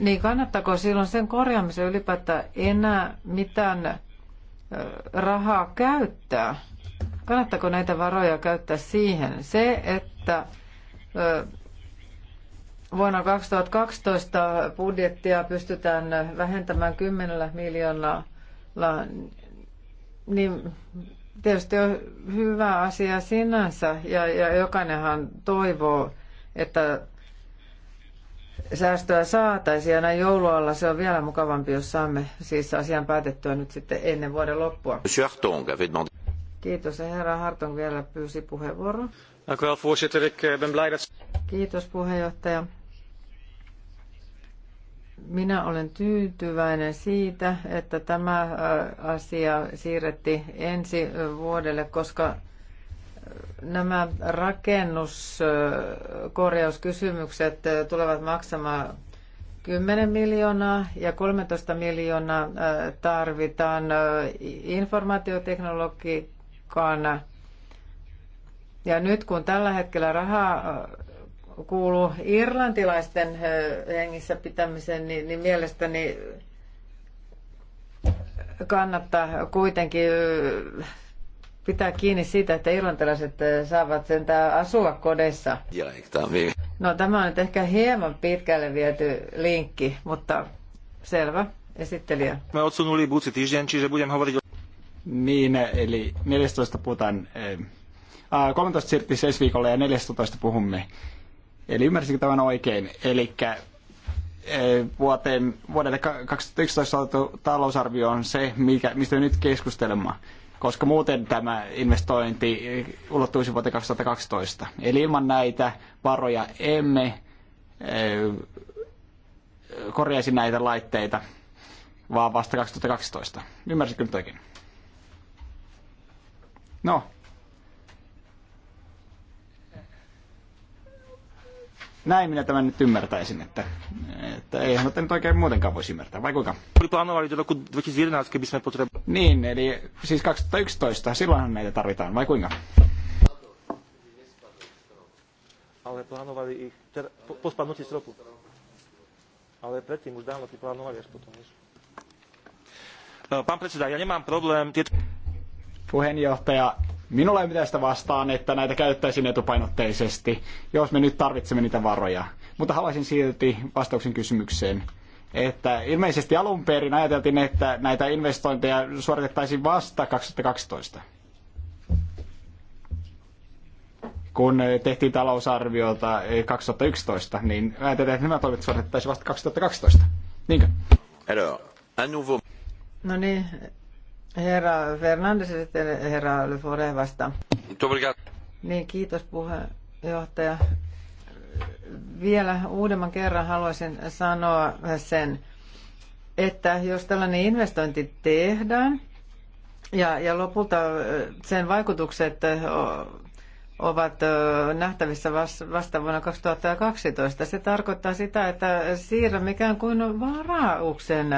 niin kannattako silloin sen korjaamiseen ylipäätään enää mitään rahaa käyttää? Kannattako näitä varoja käyttää siihen? Se, että vuonna 2012 budjettia pystytään vähentämään 10 miljoonaa, niin tietysti on hyvä asia sinänsä ja, ja jokainenhan toivoo, että säästöä saataisiin. Ja näin joulualla se on vielä mukavampi, jos saamme siis asian päätettyä nyt sitten ennen vuoden loppua. Kiitos. Ja herra Hartong, vielä pyysi puheenvuoron. Eh, Kiitos puheenjohtaja. Minä olen tyytyväinen siitä, että tämä asia siirretti ensi vuodelle, koska Nämä rakennuskorjauskysymykset tulevat maksamaan 10 miljoonaa ja 13 miljoonaa tarvitaan informaatioteknologiikan. Ja nyt kun tällä hetkellä rahaa kuuluu irlantilaisten hengissä pitämiseen, niin, niin mielestäni kannattaa kuitenkin pitää kiinni siitä, että irlantilaiset eh, saavat sentään asua kodeissa. No tämä on nyt ehkä hieman pitkälle viety linkki, mutta selvä. Esittelijä. Me odsunuli budsi tiždeň, čiže budem hovoriť Niin, eli 14 puhutaan, äh, 13 siirtisi ensi viikolla ja 14 puhumme. Eli ymmärsinkö tämän oikein? Eli eh, vuoteen, vuodelle 2011 talousarvio on se, mikä, mistä nyt keskustelemme koska muuten tämä investointi ulottuisi vuoteen 2012. Eli ilman näitä varoja emme eh, korjaisi näitä laitteita, vaan vasta 2012. Ymmärsitkö nyt oikein? No, Näin minä tämän nyt ymmärtäisin, että, että eihän tätä nyt oikein muutenkaan voisi ymmärtää, vai kuinka? Niin, eli siis 2011, silloinhan näitä tarvitaan, vai kuinka? Ale plánovali ich ter, po, po spadnutí stropu. Ale predtým už dávno plánovali až potom. Vieš. Pán predseda, ja nemám problém... Tieto... Puheenjohtaja, Minulla ei mitään sitä vastaan, että näitä käyttäisin etupainotteisesti, jos me nyt tarvitsemme niitä varoja. Mutta haluaisin silti vastauksen kysymykseen, että ilmeisesti alun perin ajateltiin, että näitä investointeja suoritettaisiin vasta 2012. Kun tehtiin talousarviota 2011, niin ajateltiin, että nämä toimet suoritettaisiin vasta 2012. Niinkö? No niin, Herra Fernandes ja sitten herra Lyfore vastaan. Niin, kiitos puheenjohtaja. Vielä uudemman kerran haluaisin sanoa sen, että jos tällainen investointi tehdään ja, ja lopulta sen vaikutukset ovat nähtävissä vasta vuonna 2012, se tarkoittaa sitä, että siirrämme ikään kuin varauksen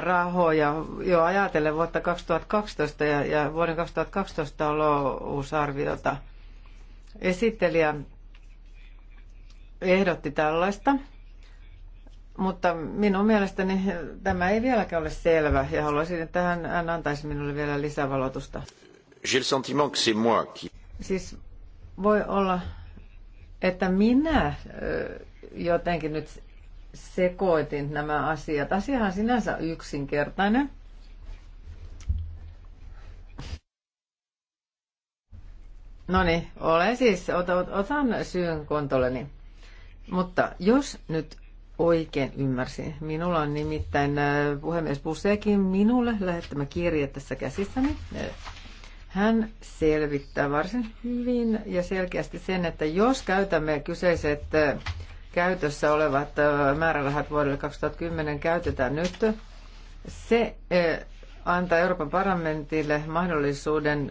rahoja jo ajatellen vuotta 2012 ja, ja vuoden 2012 talousarviota. Esittelijä ehdotti tällaista, mutta minun mielestäni tämä ei vieläkään ole selvä ja haluaisin, että hän, hän antaisi minulle vielä lisävalotusta. Siis voi olla, että minä jotenkin nyt sekoitin nämä asiat. Asiahan sinänsä yksinkertainen. No niin, olen siis, otan syyn kontolleni. Mutta jos nyt oikein ymmärsin, minulla on nimittäin äh, puhemies Busekin minulle lähettämä kirje tässä käsissäni. Hän selvittää varsin hyvin ja selkeästi sen, että jos käytämme kyseiset äh, käytössä olevat määrärahat vuodelle 2010 käytetään nyt. Se antaa Euroopan parlamentille mahdollisuuden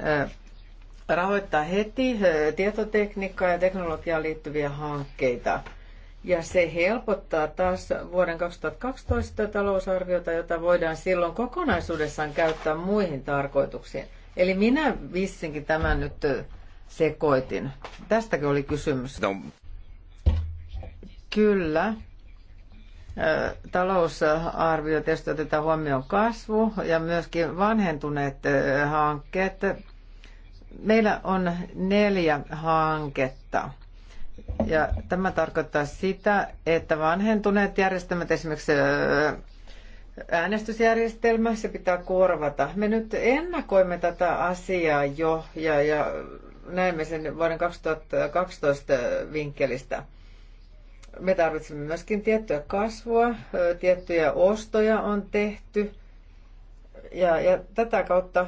rahoittaa heti tietotekniikkaa ja teknologiaan liittyviä hankkeita. Ja se helpottaa taas vuoden 2012 talousarviota, jota voidaan silloin kokonaisuudessaan käyttää muihin tarkoituksiin. Eli minä vissinkin tämän nyt sekoitin. Tästäkin oli kysymys. No. Kyllä. Talousarvio tietysti otetaan huomioon kasvu ja myöskin vanhentuneet hankkeet. Meillä on neljä hanketta. Ja tämä tarkoittaa sitä, että vanhentuneet järjestelmät, esimerkiksi äänestysjärjestelmä, se pitää korvata. Me nyt ennakoimme tätä asiaa jo ja, ja näemme sen vuoden 2012 vinkkelistä. Me tarvitsemme myöskin tiettyä kasvua, tiettyjä ostoja on tehty. Ja, ja tätä kautta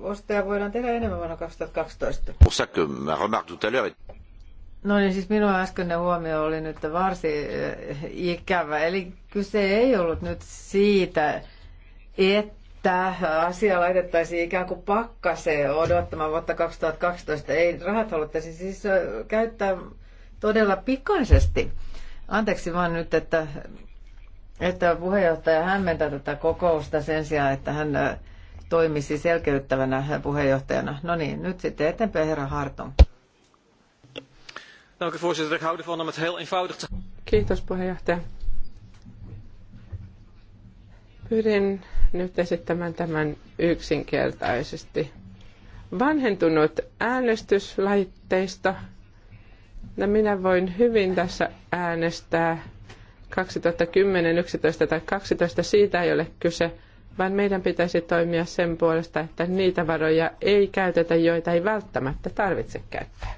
ostoja voidaan tehdä enemmän vuonna 2012. No niin, siis minun äskeinen huomio oli nyt varsin ikävä. Eli kyse ei ollut nyt siitä, että asia laitettaisiin ikään kuin pakkaseen odottamaan vuotta 2012. Ei rahat haluttaisiin siis käyttää todella pikaisesti. Anteeksi vaan nyt, että, että puheenjohtaja hämmentää tätä kokousta sen sijaan, että hän äh, toimisi selkeyttävänä puheenjohtajana. No niin, nyt sitten eteenpäin herra Harton. Kiitos puheenjohtaja. Pyrin nyt esittämään tämän yksinkertaisesti. Vanhentunut äänestyslaitteisto, No minä voin hyvin tässä äänestää 2010, 11 tai 12, siitä ei ole kyse, vaan meidän pitäisi toimia sen puolesta, että niitä varoja ei käytetä, joita ei välttämättä tarvitse käyttää.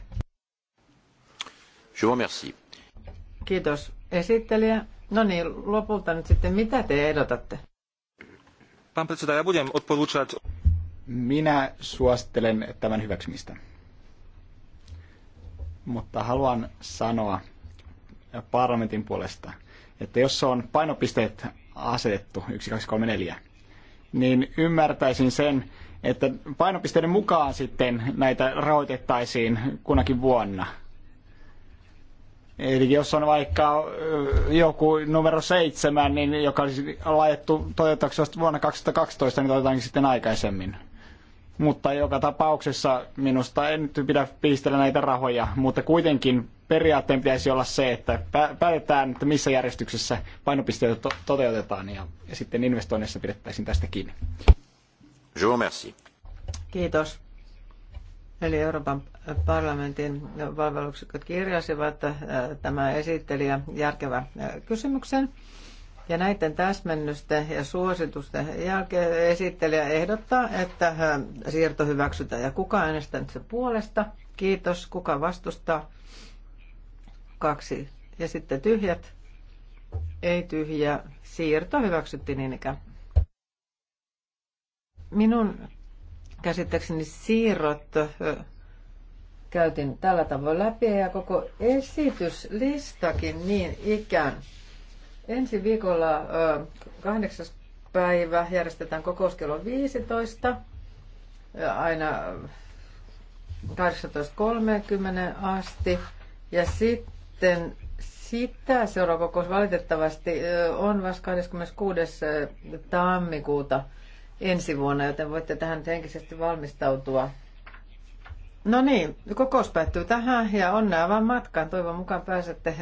Kiitos esittelijä. No niin, lopulta nyt sitten, mitä te ehdotatte? Pan Minä suosittelen tämän hyväksymistä mutta haluan sanoa parlamentin puolesta, että jos on painopisteet asetettu 1, 2, 3, 4, niin ymmärtäisin sen, että painopisteiden mukaan sitten näitä rahoitettaisiin kunakin vuonna. Eli jos on vaikka joku numero seitsemän, niin joka olisi laitettu toivottavasti vuonna 2012, niin toivotaankin sitten aikaisemmin. Mutta joka tapauksessa minusta en nyt pidä piistellä näitä rahoja, mutta kuitenkin periaatteen pitäisi olla se, että päätetään, että missä järjestyksessä painopisteitä to toteutetaan ja, ja sitten investoinneissa pidettäisiin tästä kiinni. Je Kiitos. Eli Euroopan parlamentin palvelukset kirjasivat äh, tämä esittelijä järkevän äh, kysymyksen. Ja näiden täsmennysten ja suositusten jälkeen esittelijä ehdottaa, että siirto hyväksytään. Ja kuka äänestää sen puolesta? Kiitos. Kuka vastustaa? Kaksi. Ja sitten tyhjät? Ei tyhjä. Siirto hyväksyttiin niin ikään. Minun käsittääkseni siirrot käytin tällä tavoin läpi ja koko esityslistakin niin ikään – Ensi viikolla 8. päivä järjestetään kokous kello 15 aina 18.30 asti. Ja sitten sitä seuraava kokous valitettavasti on vasta 26. tammikuuta ensi vuonna, joten voitte tähän henkisesti valmistautua. No niin, kokous päättyy tähän ja onnea vaan matkaan. Toivon mukaan pääsette